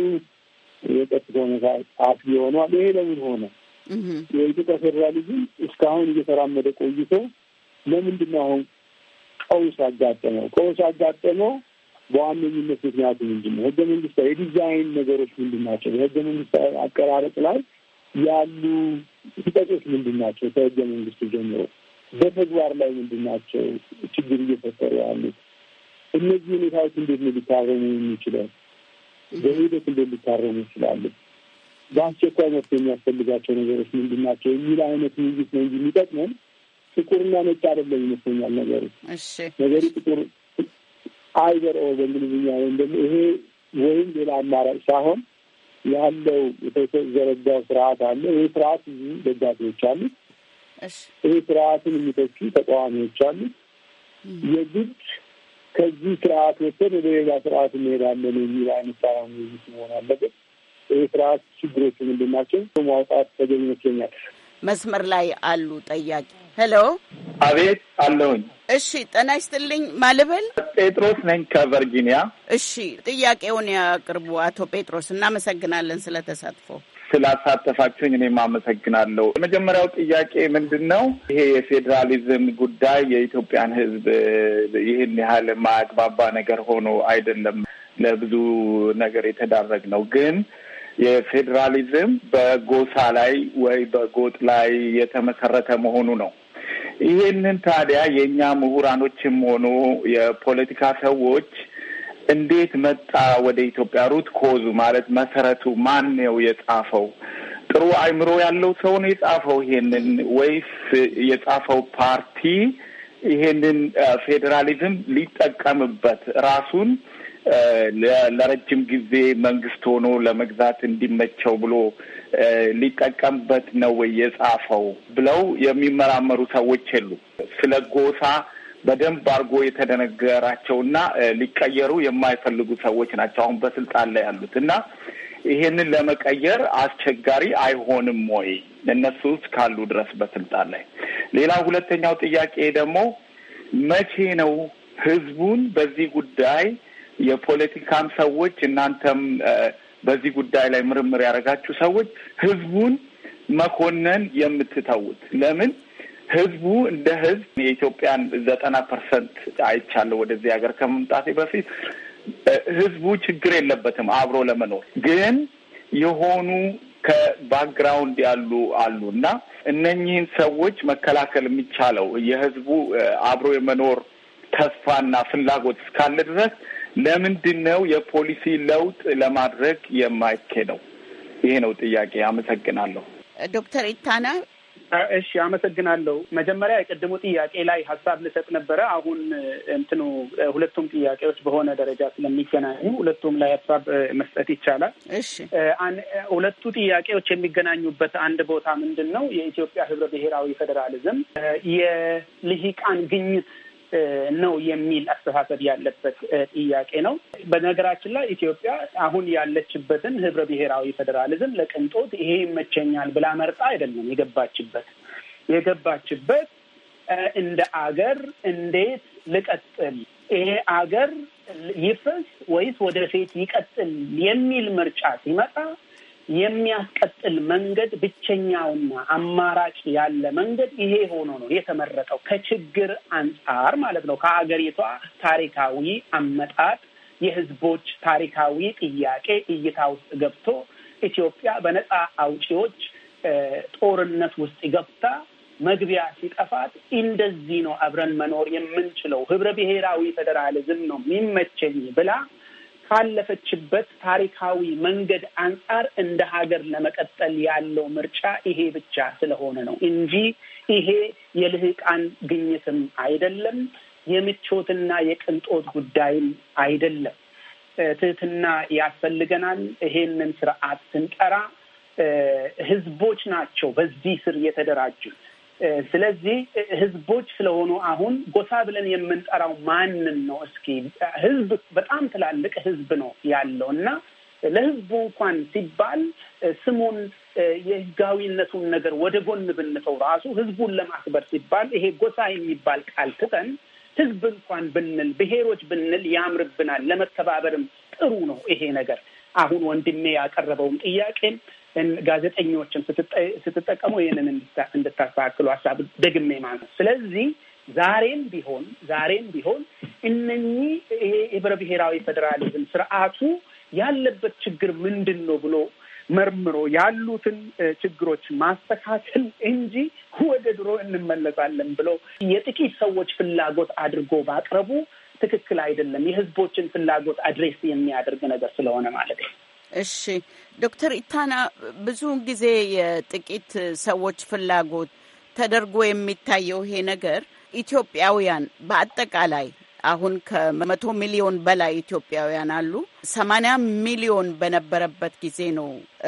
የቀጥታ ሁኔታ አፍ ሆኗል። ይሄ ለምን ሆነ? የኢትዮጵያ ፌዴራሊዝም እስካሁን እየተራመደ ቆይቶ ለምንድን ነው አሁን ቀውስ አጋጠመው። ቀውስ አጋጠመው በዋነኝነት ምክንያቱ ምንድን ነው? ህገ መንግስታዊ የዲዛይን ነገሮች ምንድን ናቸው? በህገ መንግስታዊ አቀራረጥ ላይ ያሉ ስጠቶች ምንድን ናቸው? ከህገ መንግስቱ ጀምሮ በተግባር ላይ ምንድን ናቸው ችግር እየፈጠሩ ያሉት? እነዚህ ሁኔታዎች እንዴት ነው ሊታረሙ የሚችለው? በሂደት እንዴት ሊታረሙ ይችላሉ? በአስቸኳይ መፍትሄ የሚያስፈልጋቸው ነገሮች ምንድን ናቸው የሚል አይነት ውይይት ነው እንጂ የሚጠቅመን ጥቁርና ነጭ አይደለም ይመስለኛል ነገሩ ነገሩ ጥቁር አይበር ኦር በእንግሊዝኛ ወይም ደግሞ ይሄ ወይም ሌላ አማራጭ ሳይሆን ያለው የተዘረጋው ስርዓት አለ። ይህ ስርዓት ብዙ ደጋፊዎች አሉ። ይህ ስርዓትን የሚተቹ ተቃዋሚዎች አሉ። የግድ ከዚህ ስርዓት ወጥተን ወደ ሌላ ስርዓት እንሄዳለን የሚል አይነት ሳይሆን ውይይት መሆን አለበት። ይህ ስርዓት ችግሮች ምንድን ናቸው ማውጣት ተገኝ ይመስለኛል። መስመር ላይ አሉ ጠያቂ ሄሎ። አቤት አለሁኝ። እሺ ጤና ይስጥልኝ። ማልበል ጴጥሮስ ነኝ ከቨርጂኒያ። እሺ ጥያቄውን ያቅርቡ አቶ ጴጥሮስ። እናመሰግናለን ስለ ተሳትፎ ስላሳተፋችሁኝ እኔም አመሰግናለሁ። የመጀመሪያው ጥያቄ ምንድን ነው? ይሄ የፌዴራሊዝም ጉዳይ የኢትዮጵያን ሕዝብ ይህን ያህል ማያግባባ ነገር ሆኖ አይደለም ለብዙ ነገር የተዳረግ ነው። ግን የፌዴራሊዝም በጎሳ ላይ ወይ በጎጥ ላይ የተመሰረተ መሆኑ ነው ይህንን ታዲያ የእኛ ምሁራኖችም ሆኑ የፖለቲካ ሰዎች እንዴት መጣ ወደ ኢትዮጵያ? ሩት ኮዙ ማለት መሰረቱ ማን ነው የጻፈው? ጥሩ አይምሮ ያለው ሰው ነው የጻፈው ይሄንን ወይስ የጻፈው ፓርቲ ይሄንን ፌዴራሊዝም ሊጠቀምበት ራሱን ለረጅም ጊዜ መንግስት ሆኖ ለመግዛት እንዲመቸው ብሎ ሊጠቀምበት ነው የጻፈው ብለው የሚመራመሩ ሰዎች የሉ። ስለ ጎሳ በደንብ አድርጎ የተደነገራቸውና ሊቀየሩ የማይፈልጉ ሰዎች ናቸው አሁን በስልጣን ላይ ያሉት እና ይሄንን ለመቀየር አስቸጋሪ አይሆንም ወይ እነሱ ውስጥ ካሉ ድረስ በስልጣን ላይ? ሌላ ሁለተኛው ጥያቄ ደግሞ መቼ ነው ህዝቡን በዚህ ጉዳይ የፖለቲካም ሰዎች እናንተም በዚህ ጉዳይ ላይ ምርምር ያደረጋችሁ ሰዎች ህዝቡን መኮነን የምትተውት ለምን? ህዝቡ እንደ ህዝብ የኢትዮጵያን ዘጠና ፐርሰንት አይቻለሁ ወደዚህ ሀገር ከመምጣቴ በፊት ህዝቡ ችግር የለበትም አብሮ ለመኖር ግን የሆኑ ከባክግራውንድ ያሉ አሉ እና እነኚህን ሰዎች መከላከል የሚቻለው የህዝቡ አብሮ የመኖር ተስፋና ፍላጎት እስካለ ድረስ ለምንድን ነው የፖሊሲ ለውጥ ለማድረግ የማይኬደው? ይሄ ነው ጥያቄ። አመሰግናለሁ ዶክተር ኢታና። እሺ አመሰግናለሁ። መጀመሪያ የቀድሞ ጥያቄ ላይ ሀሳብ ልሰጥ ነበረ። አሁን እንትኑ ሁለቱም ጥያቄዎች በሆነ ደረጃ ስለሚገናኙ ሁለቱም ላይ ሀሳብ መስጠት ይቻላል። እሺ ሁለቱ ጥያቄዎች የሚገናኙበት አንድ ቦታ ምንድን ነው የኢትዮጵያ ህብረ ብሔራዊ ፌዴራሊዝም የልሂቃን ግኝት ነው የሚል አስተሳሰብ ያለበት ጥያቄ ነው። በነገራችን ላይ ኢትዮጵያ አሁን ያለችበትን ህብረ ብሔራዊ ፌዴራሊዝም ለቅንጦት ይሄ ይመቸኛል ብላ መርጣ አይደለም የገባችበት የገባችበት እንደ አገር እንዴት ልቀጥል፣ ይሄ አገር ይፍስ ወይስ ወደፊት ይቀጥል የሚል ምርጫ ሲመጣ የሚያስቀጥል መንገድ ብቸኛውና አማራጭ ያለ መንገድ ይሄ ሆኖ ነው የተመረጠው። ከችግር አንጻር ማለት ነው። ከሀገሪቷ ታሪካዊ አመጣጥ የህዝቦች ታሪካዊ ጥያቄ እይታ ውስጥ ገብቶ ኢትዮጵያ በነፃ አውጪዎች ጦርነት ውስጥ ገብታ መግቢያ ሲጠፋት እንደዚህ ነው አብረን መኖር የምንችለው፣ ህብረ ብሔራዊ ፌዴራሊዝም ነው የሚመቸኝ ብላ ካለፈችበት ታሪካዊ መንገድ አንጻር እንደ ሀገር ለመቀጠል ያለው ምርጫ ይሄ ብቻ ስለሆነ ነው እንጂ ይሄ የልህቃን ግኝትም አይደለም፣ የምቾትና የቅንጦት ጉዳይም አይደለም። ትህትና ያስፈልገናል። ይሄንን ስርዓት ስንጠራ ህዝቦች ናቸው በዚህ ስር የተደራጁት። ስለዚህ ህዝቦች ስለሆኑ አሁን ጎሳ ብለን የምንጠራው ማንን ነው? እስኪ ህዝብ በጣም ትላልቅ ህዝብ ነው ያለው እና ለህዝቡ እንኳን ሲባል ስሙን የህጋዊነቱን ነገር ወደ ጎን ብንተው ራሱ ህዝቡን ለማክበር ሲባል ይሄ ጎሳ የሚባል ቃል ትተን ህዝብ እንኳን ብንል ብሔሮች ብንል ያምርብናል። ለመተባበርም ጥሩ ነው ይሄ ነገር። አሁን ወንድሜ ያቀረበውን ጥያቄም ጋዜጠኞችም ስትጠቀሙ ይህንን እንድታስተካክሉ ሀሳብ ደግሜ ማለት ስለዚህ ዛሬም ቢሆን ዛሬም ቢሆን እነኚህ የህብረ ብሔራዊ ፌዴራሊዝም ስርዓቱ ያለበት ችግር ምንድን ነው ብሎ መርምሮ ያሉትን ችግሮች ማስተካከል እንጂ ወደ ድሮ እንመለሳለን ብሎ የጥቂት ሰዎች ፍላጎት አድርጎ ባቅረቡ ትክክል አይደለም። የህዝቦችን ፍላጎት አድሬስ የሚያደርግ ነገር ስለሆነ ማለት ነው። እሺ ዶክተር ኢታና ብዙውን ጊዜ የጥቂት ሰዎች ፍላጎት ተደርጎ የሚታየው ይሄ ነገር ኢትዮጵያውያን በአጠቃላይ አሁን ከመቶ ሚሊዮን በላይ ኢትዮጵያውያን አሉ። ሰማንያ ሚሊዮን በነበረበት ጊዜ ነው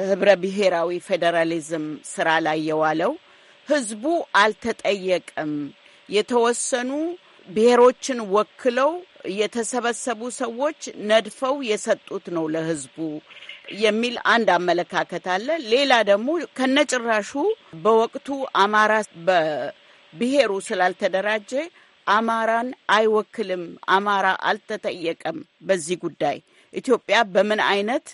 ህብረ ብሔራዊ ፌዴራሊዝም ስራ ላይ የዋለው። ህዝቡ አልተጠየቀም። የተወሰኑ ብሔሮችን ወክለው የተሰበሰቡ ሰዎች ነድፈው የሰጡት ነው ለህዝቡ የሚል አንድ አመለካከት አለ። ሌላ ደግሞ ከነጭራሹ በወቅቱ አማራ በብሔሩ ስላልተደራጀ አማራን አይወክልም፣ አማራ አልተጠየቀም። በዚህ ጉዳይ ኢትዮጵያ በምን አይነት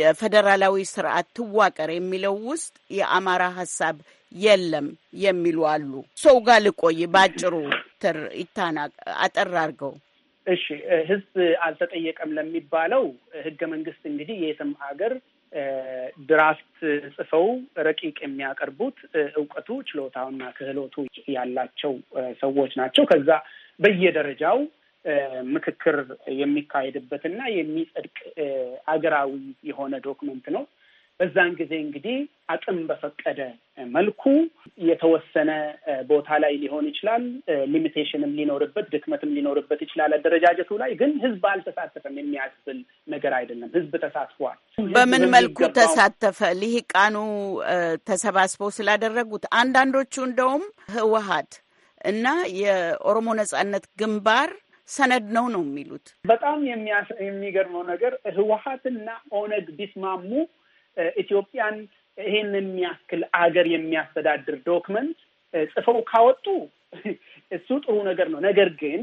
የፌዴራላዊ ስርዓት ትዋቀር የሚለው ውስጥ የአማራ ሀሳብ የለም የሚሉ አሉ። ሰው ጋር ልቆይ በአጭሩ ትር ይታና አጠር አርገው። እሺ ህዝብ አልተጠየቀም ለሚባለው ህገ መንግስት እንግዲህ የትም ሀገር ድራፍት ጽፈው ረቂቅ የሚያቀርቡት እውቀቱ ችሎታውና ክህሎቱ ያላቸው ሰዎች ናቸው። ከዛ በየደረጃው ምክክር የሚካሄድበትና የሚጸድቅ አገራዊ የሆነ ዶክመንት ነው። በዛን ጊዜ እንግዲህ አቅም በፈቀደ መልኩ የተወሰነ ቦታ ላይ ሊሆን ይችላል። ሊሚቴሽንም ሊኖርበት ድክመትም ሊኖርበት ይችላል። አደረጃጀቱ ላይ ግን ህዝብ አልተሳተፈም የሚያስብል ነገር አይደለም። ህዝብ ተሳትፏል። በምን መልኩ ተሳተፈ? ልሂቃኑ ተሰባስበው ስላደረጉት አንዳንዶቹ እንደውም ህወሀት እና የኦሮሞ ነጻነት ግንባር ሰነድ ነው ነው የሚሉት። በጣም የሚገርመው ነገር ህወሀትና ኦነግ ቢስማሙ ኢትዮጵያን ይሄን የሚያክል አገር የሚያስተዳድር ዶክመንት ጽፈው ካወጡ እሱ ጥሩ ነገር ነው። ነገር ግን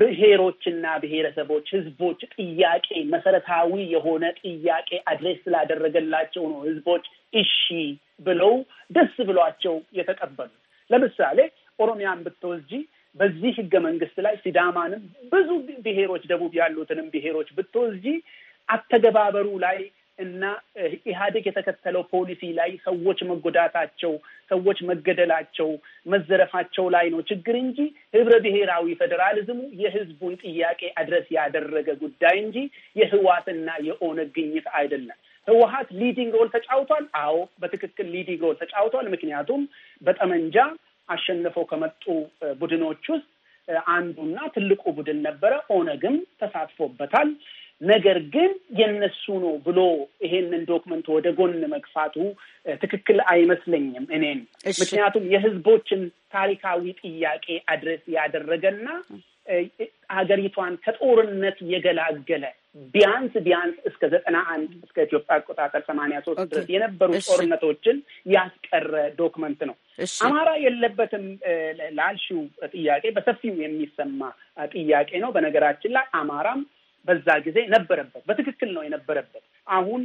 ብሔሮችና ብሔረሰቦች፣ ህዝቦች ጥያቄ መሰረታዊ የሆነ ጥያቄ አድሬስ ስላደረገላቸው ነው ህዝቦች እሺ ብለው ደስ ብሏቸው የተቀበሉት። ለምሳሌ ኦሮሚያን ብትወስጂ በዚህ ህገ መንግስት ላይ ሲዳማንም ብዙ ብሔሮች፣ ደቡብ ያሉትንም ብሔሮች ብትወስጂ አተገባበሩ ላይ እና ኢህአዴግ የተከተለው ፖሊሲ ላይ ሰዎች መጎዳታቸው፣ ሰዎች መገደላቸው፣ መዘረፋቸው ላይ ነው ችግር እንጂ ህብረ ብሔራዊ ፌዴራሊዝሙ የህዝቡን ጥያቄ አድረስ ያደረገ ጉዳይ እንጂ የህዋትና የኦነግ ግኝት አይደለም። ህወሀት ሊዲንግ ሮል ተጫውቷል። አዎ በትክክል ሊዲንግ ሮል ተጫውቷል። ምክንያቱም በጠመንጃ አሸንፈው ከመጡ ቡድኖች ውስጥ አንዱና ትልቁ ቡድን ነበረ። ኦነግም ተሳትፎበታል። ነገር ግን የነሱ ነው ብሎ ይሄንን ዶክመንት ወደ ጎን መግፋቱ ትክክል አይመስለኝም እኔም። ምክንያቱም የህዝቦችን ታሪካዊ ጥያቄ አድረስ ያደረገና ሀገሪቷን ከጦርነት የገላገለ ቢያንስ ቢያንስ እስከ ዘጠና አንድ እስከ ኢትዮጵያ አቆጣጠር ሰማንያ ሶስት ድረስ የነበሩ ጦርነቶችን ያስቀረ ዶክመንት ነው። አማራ የለበትም ላልሽው ጥያቄ በሰፊው የሚሰማ ጥያቄ ነው። በነገራችን ላይ አማራም በዛ ጊዜ ነበረበት። በትክክል ነው የነበረበት። አሁን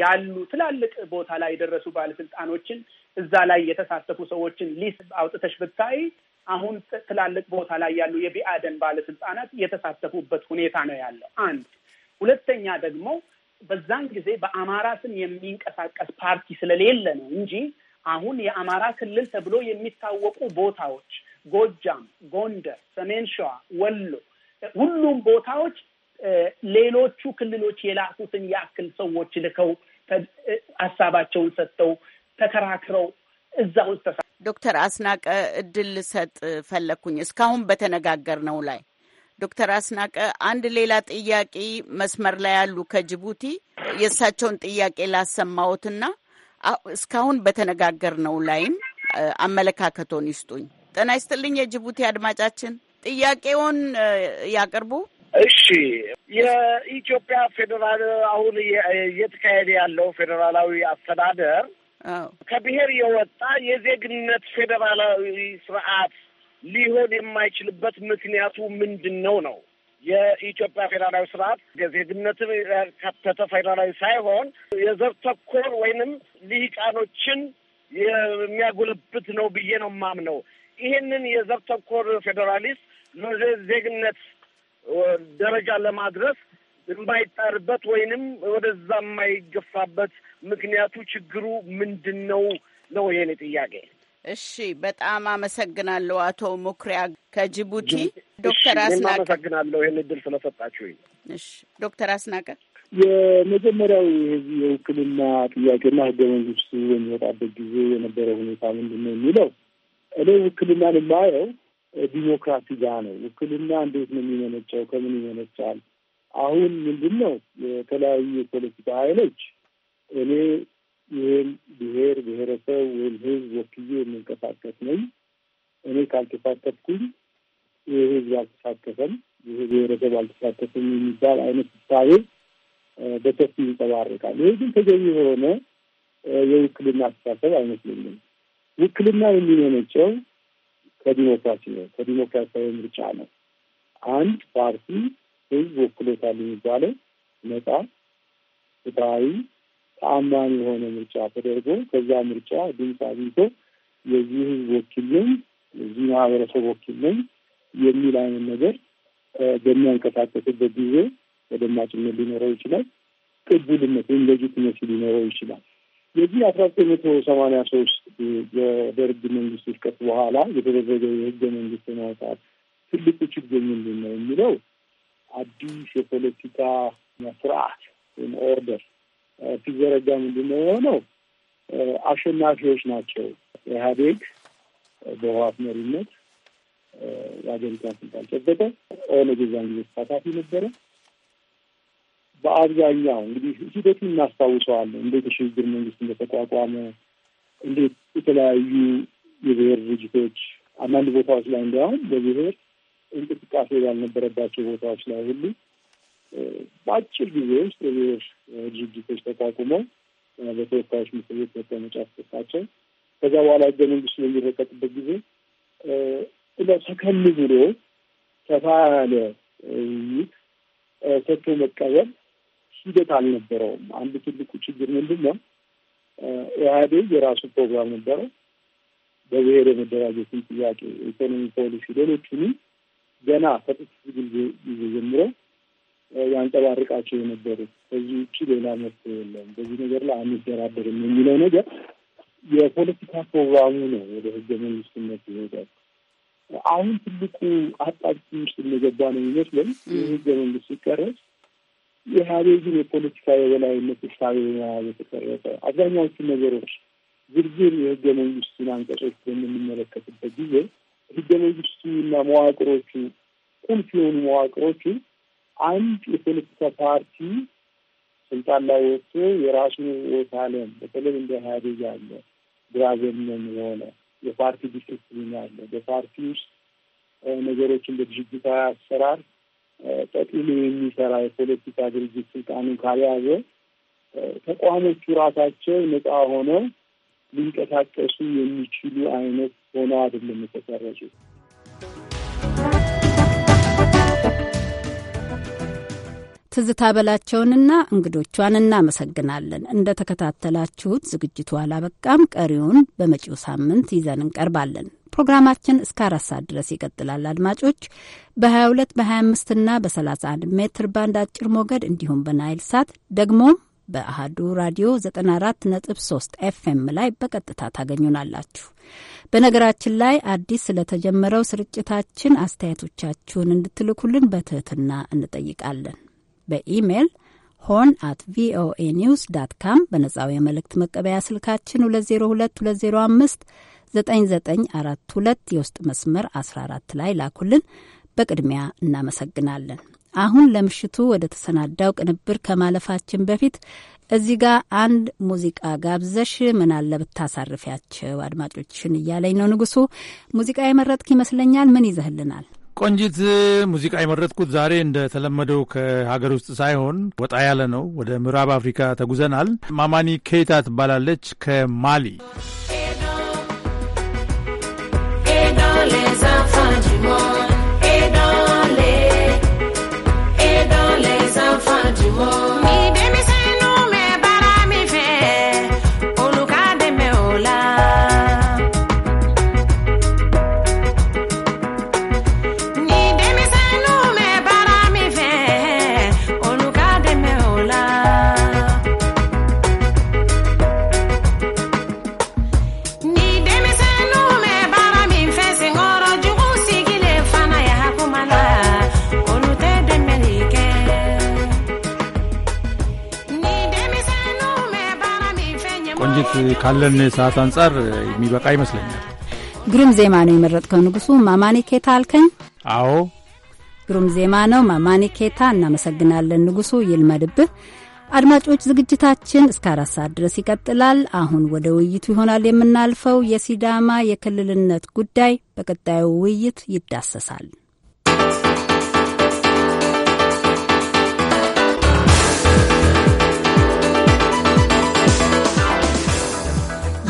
ያሉ ትላልቅ ቦታ ላይ የደረሱ ባለስልጣኖችን እዛ ላይ የተሳተፉ ሰዎችን ሊስት አውጥተሽ ብታይ አሁን ትላልቅ ቦታ ላይ ያሉ የቢአደን ባለስልጣናት የተሳተፉበት ሁኔታ ነው ያለው። አንድ ሁለተኛ ደግሞ በዛን ጊዜ በአማራ ስም የሚንቀሳቀስ ፓርቲ ስለሌለ ነው እንጂ አሁን የአማራ ክልል ተብሎ የሚታወቁ ቦታዎች ጎጃም፣ ጎንደር፣ ሰሜን ሸዋ፣ ወሎ ሁሉም ቦታዎች ሌሎቹ ክልሎች የላኩትን ያክል ሰዎች ልከው ሀሳባቸውን ሰጥተው ተከራክረው እዛ ውስጥ ተሳ ዶክተር አስናቀ እድል ልሰጥ ፈለግኩኝ እስካሁን ነው ላይ ዶክተር አስናቀ አንድ ሌላ ጥያቄ መስመር ላይ ያሉ ከጅቡቲ የእሳቸውን ጥያቄ ላሰማዎትና እስካሁን ነው ላይም አመለካከቶን ይስጡኝ። ጤና ይስጥልኝ። የጅቡቲ አድማጫችን ጥያቄውን ያቅርቡ። እሺ የኢትዮጵያ ፌዴራል አሁን እየተካሄደ ያለው ፌዴራላዊ አስተዳደር ከብሔር የወጣ የዜግነት ፌዴራላዊ ስርዓት ሊሆን የማይችልበት ምክንያቱ ምንድን ነው ነው የኢትዮጵያ ፌዴራላዊ ስርዓት የዜግነትን ያካተተ ፌዴራላዊ ሳይሆን የዘር ተኮር ወይንም ልሂቃኖችን የሚያጎለብት ነው ብዬ ነው የማምነው። ይሄንን የዘር ተኮር ፌዴራሊስት ዜግነት ደረጃ ለማድረስ የማይጣርበት ወይንም ወደዛ የማይገፋበት ምክንያቱ ችግሩ ምንድን ነው ነው የኔ ጥያቄ። እሺ፣ በጣም አመሰግናለሁ አቶ ሙክሪያ ከጅቡቲ። ዶክተር አስናቀ አመሰግናለሁ ይህን እድል ስለሰጣችሁ። እሺ፣ ዶክተር አስናቀ የመጀመሪያው የዚህ የውክልና ጥያቄና ህገ መንግስቱ በሚወጣበት ጊዜ የነበረ ሁኔታ ምንድን ነው የሚለው እኔ ውክልናን የማየው ዲሞክራሲ ጋር ነው። ውክልና እንዴት ነው የሚመነጨው? ከምን ይመነጫል? አሁን ምንድን ነው የተለያዩ የፖለቲካ ኃይሎች እኔ ይህን ብሔር ብሔረሰብ ወይም ህዝብ ወክዬ የምንቀሳቀስ ነኝ፣ እኔ ካልተሳተፍኩኝ ይህ ሕዝብ አልተሳተፈም፣ ይህ ብሔረሰብ አልተሳተፍም የሚባል አይነት እሳቤ በሰፊ ይንጸባረቃል። ይሄ ግን ተገቢ የሆነ የውክልና አስተሳሰብ አይመስለኝም። ውክልና የሚመነጨው ከዲሞክራሲ ነው፣ ከዲሞክራሲያዊ ምርጫ ነው። አንድ ፓርቲ ህዝብ ወክሎታል የሚባለው ነጻ፣ ፍትሐዊ፣ ተአማኒ የሆነ ምርጫ ተደርጎ ከዛ ምርጫ ድምፅ አግኝቶ የዚህ ህዝብ ወኪል ነኝ፣ የዚህ ማህበረሰብ ወኪል ነኝ የሚል አይነት ነገር በሚያንቀሳቀስበት ጊዜ ተደማጭነት ሊኖረው ይችላል። ቅቡልነት ወይም ለጅትነት ሊኖረው ይችላል። የዚህ አስራ ዘጠኝ መቶ ሰማኒያ ሶስት የደርግ መንግስት ውድቀት በኋላ የተደረገ የህገ መንግስት ማውጣት ትልቁ ችግር ምንድን ነው የሚለው አዲስ የፖለቲካ ስርዓት ወይም ኦርደር ሲዘረጋ ምንድን ነው የሆነው? አሸናፊዎች ናቸው። ኢህአዴግ በህወሓት መሪነት የሀገሪቷን ስልጣን ጨበጠ። ኦነግ የዛን ጊዜ ተሳታፊ ነበረ። በአብዛኛው እንግዲህ ሂደቱ እናስታውሰዋለን። እንዴት የሽግግር መንግስት እንደተቋቋመ፣ እንዴት የተለያዩ የብሔር ድርጅቶች አንዳንድ ቦታዎች ላይ እንዲያውም በብሔር እንቅስቃሴ ባልነበረባቸው ቦታዎች ላይ ሁሉ በአጭር ጊዜ ውስጥ የብሔር ድርጅቶች ተቋቁመው በተወካዮች ምክር ቤት መቀመጫ ተሰጣቸው። ከዛ በኋላ ህገ መንግስቱ በሚረቀቅበት ጊዜ ሰከን ብሎ ሰፋ ያለ ውይይት ሰጥቶ መቀበል ሂደት አልነበረውም። አንድ ትልቁ ችግር ምንድን ነው? ኢህአዴግ የራሱ ፕሮግራም ነበረው። በብሔር የመደራጀትን ጥያቄ፣ ኢኮኖሚ ፖሊሲ፣ ሌሎቹንም ገና ከጥቂት ጊዜ ጀምሮ ያንጸባርቃቸው የነበሩ ከዚህ ውጭ ሌላ መፍትሄ የለም፣ በዚህ ነገር ላይ አንደራደርም የሚለው ነገር የፖለቲካ ፕሮግራሙ ነው ወደ ህገ መንግስትነት ይወጣል። አሁን ትልቁ አጣብቂኝ ውስጥ እንደገባ ነው የሚመስለኝ። ይህ ህገ መንግስት ሲቀረጽ የሀቤጅን የፖለቲካ የበላይነት እሳቤ በመያዝ የተቀረጸ አብዛኛዎቹ ነገሮች ዝርዝር የህገ መንግስቱን አንቀጾች በምንመለከትበት ጊዜ ህገ መንግስቱ እና መዋቅሮቹ ቁልፍ የሆኑ መዋቅሮቹ አንድ የፖለቲካ ፓርቲ ስልጣን ላይ ወጥቶ የራሱን ርዕዮተ ዓለም በተለይ እንደ ኢህአዴግ ያለ ግራ የሆነ የፓርቲ ዲስፕሊን ያለ በፓርቲ ውስጥ ነገሮችን በድርጅታዊ አሰራር ጠቅልሎ የሚሰራ የፖለቲካ ድርጅት ስልጣኑን ካልያዘ ተቋሞቹ ራሳቸው ነፃ ሆነው ሊንቀሳቀሱ የሚችሉ አይነት ሆነው አይደለም የተቀረጹ። ትዝታ በላቸውንና እንግዶቿን እናመሰግናለን። እንደ ተከታተላችሁት ዝግጅቱ አላበቃም። ቀሪውን በመጪው ሳምንት ይዘን እንቀርባለን። ፕሮግራማችን እስከ አራት ሰዓት ድረስ ይቀጥላል። አድማጮች በ22 በ25 እና በ31 ሜትር ባንድ አጭር ሞገድ እንዲሁም በናይል ሳት ደግሞም በአህዱ ራዲዮ 94.3 ኤፍኤም ላይ በቀጥታ ታገኙናላችሁ። በነገራችን ላይ አዲስ ስለተጀመረው ስርጭታችን አስተያየቶቻችሁን እንድትልኩልን በትህትና እንጠይቃለን። በኢሜል ሆን አት ቪኦኤ ኒውስ ዳት ካም በነጻው የመልእክት መቀበያ ስልካችን 202205 9942 የውስጥ መስመር 14 ላይ ላኩልን። በቅድሚያ እናመሰግናለን። አሁን ለምሽቱ ወደ ተሰናዳው ቅንብር ከማለፋችን በፊት እዚህ ጋር አንድ ሙዚቃ ጋብዘሽ ምን አለ ብታሳርፊያቸው አድማጮችሽን እያለኝ ነው ንጉሱ። ሙዚቃ የመረጥክ ይመስለኛል። ምን ይዘህልናል? ቆንጂት ሙዚቃ የመረጥኩት ዛሬ እንደተለመደው ከሀገር ውስጥ ሳይሆን ወጣ ያለ ነው። ወደ ምዕራብ አፍሪካ ተጉዘናል። ማማኒ ኬይታ ትባላለች ከማሊ find you more. Me, baby, ቆንጂት፣ ካለን ሰዓት አንጻር የሚበቃ ይመስለኛል። ግሩም ዜማ ነው የመረጥከው ንጉሱ። ማማኔኬታ አልከኝ? አዎ ግሩም ዜማ ነው ማማኔኬታ እናመሰግናለን ንጉሱ፣ ይልመድብህ። አድማጮች ዝግጅታችን እስከ አራት ሰዓት ድረስ ይቀጥላል። አሁን ወደ ውይይቱ ይሆናል የምናልፈው። የሲዳማ የክልልነት ጉዳይ በቀጣዩ ውይይት ይዳሰሳል።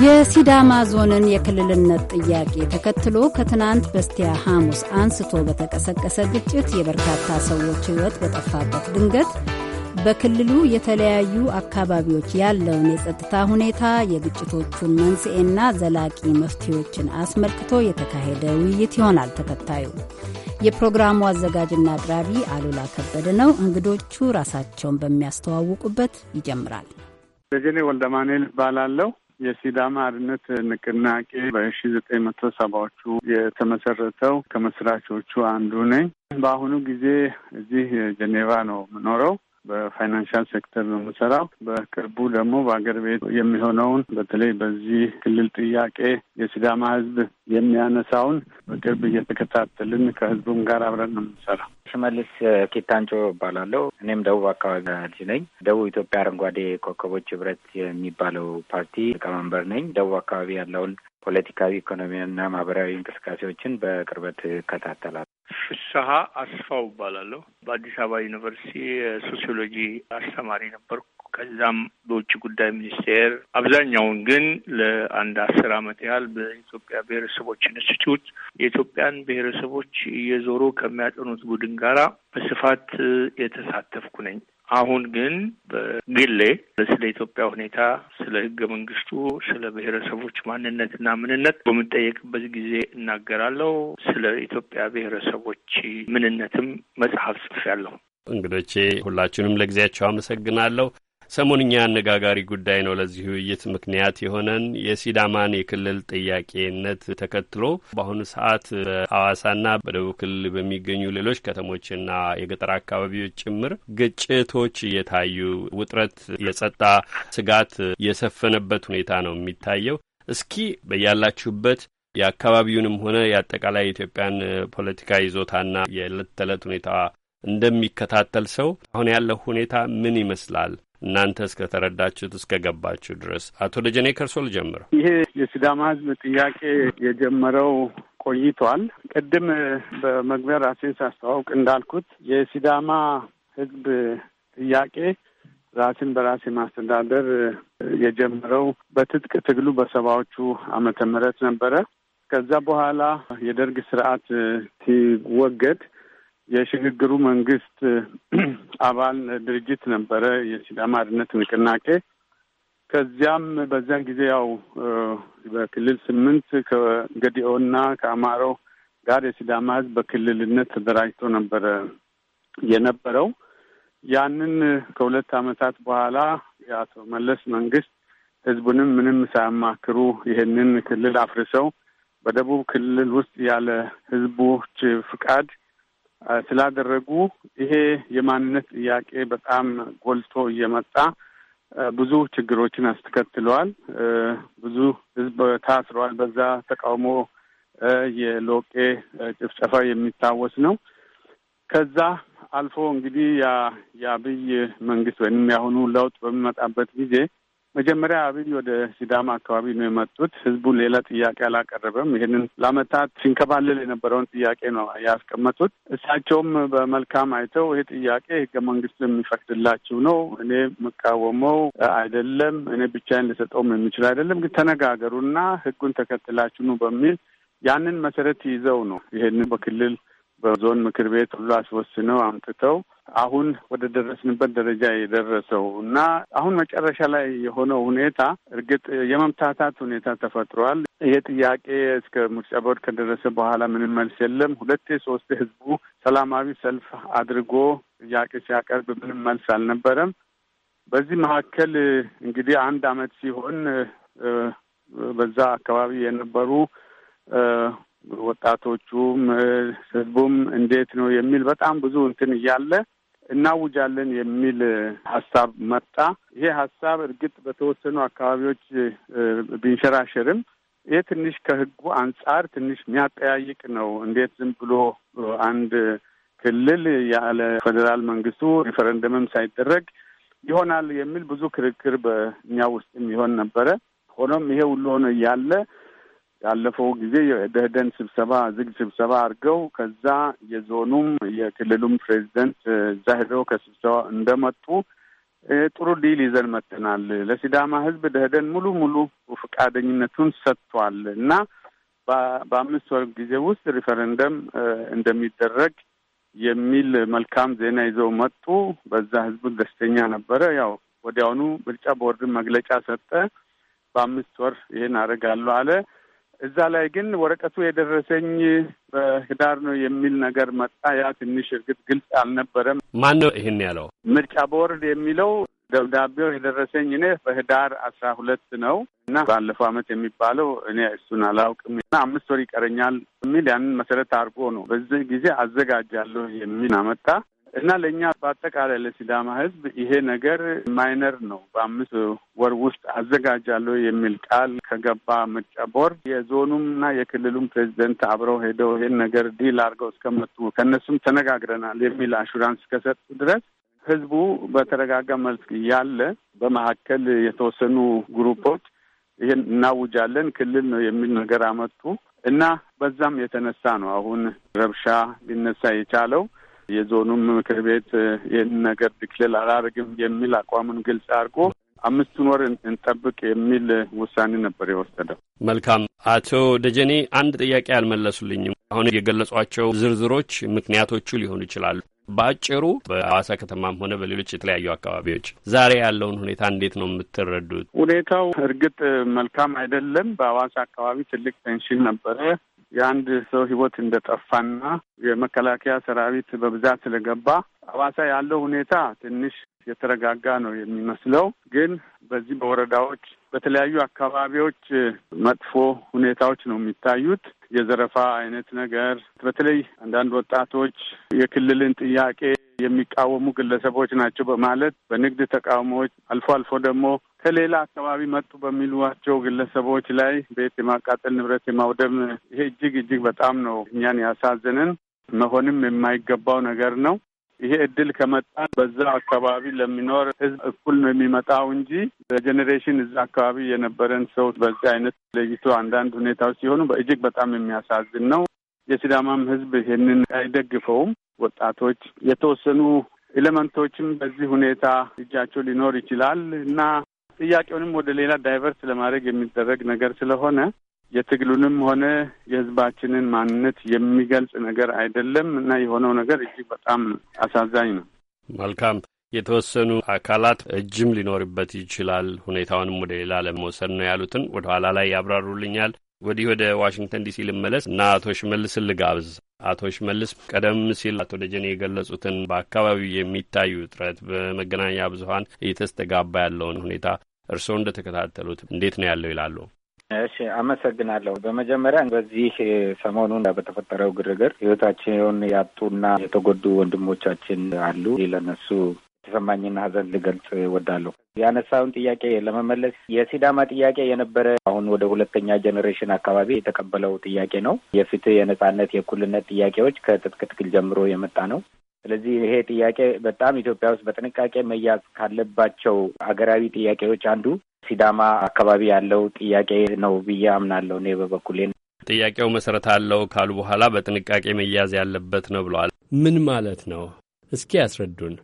የሲዳማ ዞንን የክልልነት ጥያቄ ተከትሎ ከትናንት በስቲያ ሐሙስ አንስቶ በተቀሰቀሰ ግጭት የበርካታ ሰዎች ሕይወት በጠፋበት ድንገት በክልሉ የተለያዩ አካባቢዎች ያለውን የጸጥታ ሁኔታ የግጭቶቹን መንስኤና ዘላቂ መፍትሄዎችን አስመልክቶ የተካሄደ ውይይት ይሆናል ተከታዩ። የፕሮግራሙ አዘጋጅና አቅራቢ አሉላ ከበደ ነው። እንግዶቹ ራሳቸውን በሚያስተዋውቁበት ይጀምራል። ደጀኔ ወልደማኔል እባላለሁ። የሲዳማ አርነት ንቅናቄ በሺ ዘጠኝ መቶ ሰባዎቹ የተመሰረተው ከመስራቾቹ አንዱ ነኝ። በአሁኑ ጊዜ እዚህ ጀኔቫ ነው የምኖረው። በፋይናንሻል ሴክተር ነው የምሰራው። በቅርቡ ደግሞ በሀገር ቤት የሚሆነውን በተለይ በዚህ ክልል ጥያቄ የሲዳማ ህዝብ የሚያነሳውን በቅርብ እየተከታተልን ከህዝቡም ጋር አብረን ነው የምንሰራው። ሽመልስ ኬታንጮ እባላለሁ። እኔም ደቡብ አካባቢ ልጅ ነኝ። ደቡብ ኢትዮጵያ አረንጓዴ ኮከቦች ህብረት የሚባለው ፓርቲ ሊቀመንበር ነኝ። ደቡብ አካባቢ ያለውን ፖለቲካዊ፣ ኢኮኖሚያዊና ማህበራዊ እንቅስቃሴዎችን በቅርበት እከታተላለሁ። ፍስሀ አስፋው እባላለሁ። በአዲስ አበባ ዩኒቨርሲቲ የሶሲዮሎጂ አስተማሪ ነበርኩ። ከዛም በውጭ ጉዳይ ሚኒስቴር አብዛኛውን ግን ለአንድ አስር ዓመት ያህል በኢትዮጵያ ብሔረሰቦች ኢንስቲትዩት የኢትዮጵያን ብሔረሰቦች እየዞሩ ከሚያጠኑት ቡድን ጋራ በስፋት የተሳተፍኩ ነኝ። አሁን ግን በግሌ ስለ ኢትዮጵያ ሁኔታ፣ ስለ ህገ መንግስቱ፣ ስለ ብሔረሰቦች ማንነትና ምንነት በምጠየቅበት ጊዜ እናገራለሁ። ስለ ኢትዮጵያ ብሔረሰቦች ምንነትም መጽሐፍ ጽፌያለሁ። እንግዶቼ ሁላችሁንም ለጊዜያቸው አመሰግናለሁ። ሰሞንኛ አነጋጋሪ ጉዳይ ነው። ለዚህ ውይይት ምክንያት የሆነን የሲዳማን የክልል ጥያቄነት ተከትሎ በአሁኑ ሰዓት በሐዋሳና በደቡብ ክልል በሚገኙ ሌሎች ከተሞችና የገጠር አካባቢዎች ጭምር ግጭቶች እየታዩ ውጥረት፣ የጸጥታ ስጋት የሰፈነበት ሁኔታ ነው የሚታየው። እስኪ በያላችሁበት የአካባቢውንም ሆነ የአጠቃላይ የኢትዮጵያን ፖለቲካ ይዞታና የዕለት ተዕለት ሁኔታ እንደሚከታተል ሰው አሁን ያለው ሁኔታ ምን ይመስላል? እናንተ እስከ ገባችሁ ድረስ አቶ ደጀኔ ከርሶ ልጀምር። ይሄ የሲዳማ ህዝብ ጥያቄ የጀመረው ቆይቷል። ቅድም በመግቢያ ራሴን ሳስተዋውቅ እንዳልኩት የሲዳማ ህዝብ ጥያቄ ራስን በራስ የማስተዳደር የጀመረው በትጥቅ ትግሉ በሰባዎቹ አመተ ምህረት ነበረ። ከዛ በኋላ የደርግ ስርዓት ሲወገድ የሽግግሩ መንግስት አባል ድርጅት ነበረ የሲዳማ አርነት ንቅናቄ። ከዚያም በዚያን ጊዜ ያው በክልል ስምንት ከገዲኦና ከአማሮ ጋር የሲዳማ ህዝብ በክልልነት ተደራጅቶ ነበረ የነበረው። ያንን ከሁለት አመታት በኋላ የአቶ መለስ መንግስት ህዝቡንም ምንም ሳያማክሩ ይህንን ክልል አፍርሰው በደቡብ ክልል ውስጥ ያለ ህዝቦች ፍቃድ ስላደረጉ ይሄ የማንነት ጥያቄ በጣም ጎልቶ እየመጣ ብዙ ችግሮችን አስተከትለዋል። ብዙ ህዝብ ታስረዋል። በዛ ተቃውሞ የሎቄ ጭፍጨፋ የሚታወስ ነው። ከዛ አልፎ እንግዲህ የአብይ መንግስት ወይም የአሁኑ ለውጥ በሚመጣበት ጊዜ መጀመሪያ አብይ ወደ ሲዳማ አካባቢ ነው የመጡት። ህዝቡ ሌላ ጥያቄ አላቀረበም። ይህንን ለአመታት ሲንከባለል የነበረውን ጥያቄ ነው ያስቀመጡት። እሳቸውም በመልካም አይተው ይህ ጥያቄ ህገ መንግስት የሚፈቅድላችሁ ነው፣ እኔ የምቃወመው አይደለም፣ እኔ ብቻዬን ልሰጠውም የሚችል አይደለም፣ ግን ተነጋገሩና ህጉን ተከትላችሁ ነው በሚል ያንን መሰረት ይዘው ነው ይሄንን በክልል በዞን ምክር ቤት ሁሉ አስወስነው አምጥተው አሁን ወደ ደረስንበት ደረጃ የደረሰው እና አሁን መጨረሻ ላይ የሆነው ሁኔታ እርግጥ የመምታታት ሁኔታ ተፈጥሯል። ይሄ ጥያቄ እስከ ምርጫ ቦርድ ከደረሰ በኋላ ምንም መልስ የለም። ሁለቴ ሶስቴ ህዝቡ ሰላማዊ ሰልፍ አድርጎ ጥያቄ ሲያቀርብ ምንም መልስ አልነበረም። በዚህ መካከል እንግዲህ አንድ አመት ሲሆን በዛ አካባቢ የነበሩ ወጣቶቹም ህዝቡም እንዴት ነው የሚል በጣም ብዙ እንትን እያለ እናውጃለን የሚል ሀሳብ መጣ። ይሄ ሀሳብ እርግጥ በተወሰኑ አካባቢዎች ቢንሸራሸርም ይሄ ትንሽ ከህጉ አንጻር ትንሽ የሚያጠያይቅ ነው። እንዴት ዝም ብሎ አንድ ክልል ያለ ፌዴራል መንግስቱ ሪፈረንደምም ሳይደረግ ይሆናል የሚል ብዙ ክርክር በእኛ ውስጥም ይሆን ነበረ። ሆኖም ይሄ ሁሉ ሆነ እያለ ያለፈው ጊዜ የደህደን ስብሰባ ዝግ ስብሰባ አድርገው ከዛ የዞኑም የክልሉም ፕሬዚደንት እዛ ሄደው ከስብሰባ እንደመጡ ጥሩ ዲል ይዘን መጥተናል። ለሲዳማ ህዝብ ደህደን ሙሉ ሙሉ ፈቃደኝነቱን ሰጥቷል እና በአምስት ወር ጊዜ ውስጥ ሪፈረንደም እንደሚደረግ የሚል መልካም ዜና ይዘው መጡ። በዛ ህዝቡ ደስተኛ ነበረ። ያው ወዲያውኑ ምርጫ ቦርድን መግለጫ ሰጠ። በአምስት ወር ይሄን አደርጋለሁ አለ። እዛ ላይ ግን ወረቀቱ የደረሰኝ በህዳር ነው የሚል ነገር መጣ። ያ ትንሽ እርግጥ ግልጽ አልነበረም። ማን ነው ይህን ያለው? ምርጫ ቦርድ የሚለው ደብዳቤው የደረሰኝ እኔ በህዳር አስራ ሁለት ነው እና ባለፈው አመት የሚባለው እኔ እሱን አላውቅም እና አምስት ወር ይቀረኛል የሚል ያንን መሰረት አድርጎ ነው በዚህ ጊዜ አዘጋጃለሁ የሚል አመጣ። እና ለእኛ በአጠቃላይ ለሲዳማ ህዝብ ይሄ ነገር ማይነር ነው። በአምስት ወር ውስጥ አዘጋጃለሁ የሚል ቃል ከገባ ምርጫ ቦርድ የዞኑም እና የክልሉም ፕሬዚደንት አብረው ሄደው ይሄን ነገር ዲል አድርገው እስከመጡ ከእነሱም ተነጋግረናል የሚል አሹራንስ እስከሰጡ ድረስ ህዝቡ በተረጋጋ መልክ ያለ በመካከል የተወሰኑ ግሩፖች ይህን እናውጃለን ክልል ነው የሚል ነገር አመጡ እና በዛም የተነሳ ነው አሁን ረብሻ ሊነሳ የቻለው። የዞኑም ምክር ቤት ይህን ነገር ዲክሌር አላደርግም የሚል አቋሙን ግልጽ አድርጎ አምስቱን ወር እንጠብቅ የሚል ውሳኔ ነበር የወሰደው። መልካም አቶ ደጀኔ አንድ ጥያቄ አልመለሱልኝም። አሁን የገለጿቸው ዝርዝሮች ምክንያቶቹ ሊሆኑ ይችላሉ። በአጭሩ በሐዋሳ ከተማም ሆነ በሌሎች የተለያዩ አካባቢዎች ዛሬ ያለውን ሁኔታ እንዴት ነው የምትረዱት? ሁኔታው እርግጥ መልካም አይደለም። በሐዋሳ አካባቢ ትልቅ ቴንሽን ነበረ። የአንድ ሰው ህይወት እንደጠፋና የመከላከያ ሰራዊት በብዛት ስለገባ አባሳ ያለው ሁኔታ ትንሽ የተረጋጋ ነው የሚመስለው። ግን በዚህ በወረዳዎች በተለያዩ አካባቢዎች መጥፎ ሁኔታዎች ነው የሚታዩት። የዘረፋ አይነት ነገር በተለይ አንዳንድ ወጣቶች የክልልን ጥያቄ የሚቃወሙ ግለሰቦች ናቸው በማለት በንግድ ተቃውሞዎች አልፎ አልፎ ደግሞ ከሌላ አካባቢ መጡ በሚሏቸው ግለሰቦች ላይ ቤት የማቃጠል ንብረት የማውደም ይሄ እጅግ እጅግ በጣም ነው እኛን ያሳዝንን መሆንም የማይገባው ነገር ነው። ይሄ እድል ከመጣ በዛ አካባቢ ለሚኖር ህዝብ እኩል ነው የሚመጣው እንጂ በጀኔሬሽን እዛ አካባቢ የነበረን ሰው በዚህ አይነት ለይቶ አንዳንድ ሁኔታዎች ሲሆኑ በእጅግ በጣም የሚያሳዝን ነው። የሲዳማም ህዝብ ይህንን አይደግፈውም። ወጣቶች የተወሰኑ ኤሌመንቶችም በዚህ ሁኔታ እጃቸው ሊኖር ይችላል እና ጥያቄውንም ወደ ሌላ ዳይቨርስ ለማድረግ የሚደረግ ነገር ስለሆነ የትግሉንም ሆነ የህዝባችንን ማንነት የሚገልጽ ነገር አይደለም እና የሆነው ነገር እጅግ በጣም አሳዛኝ ነው። መልካም የተወሰኑ አካላት እጅም ሊኖርበት ይችላል ሁኔታውንም ወደ ሌላ ለመውሰድ ነው ያሉትን ወደ ኋላ ላይ ያብራሩልኛል። ወዲህ ወደ ዋሽንግተን ዲሲ ልመለስ እና አቶ ሽመልስ ልጋብዝ። አቶ ሽመልስ ቀደም ሲል አቶ ደጀኔ የገለጹትን በአካባቢው የሚታዩ እጥረት፣ በመገናኛ ብዙኃን እየተስተጋባ ያለውን ሁኔታ እርስዎ እንደተከታተሉት እንዴት ነው ያለው ይላሉ? እሺ፣ አመሰግናለሁ። በመጀመሪያ በዚህ ሰሞኑን በተፈጠረው ግርግር ህይወታቸውን ያጡና የተጎዱ ወንድሞቻችን አሉ። ለነሱ ተሰማኝና ሀዘን ልገልጽ እወዳለሁ። ያነሳውን ጥያቄ ለመመለስ የሲዳማ ጥያቄ የነበረ አሁን ወደ ሁለተኛ ጀኔሬሽን አካባቢ የተቀበለው ጥያቄ ነው። የፍትህ፣ የነጻነት፣ የእኩልነት ጥያቄዎች ከትጥቅ ትግል ጀምሮ የመጣ ነው። ስለዚህ ይሄ ጥያቄ በጣም ኢትዮጵያ ውስጥ በጥንቃቄ መያዝ ካለባቸው አገራዊ ጥያቄዎች አንዱ ሲዳማ አካባቢ ያለው ጥያቄ ነው ብዬ አምናለሁ። እኔ በበኩሌ ጥያቄው መሰረት አለው ካሉ በኋላ በጥንቃቄ መያዝ ያለበት ነው ብለዋል። ምን ማለት ነው? እስኪ ያስረዱን።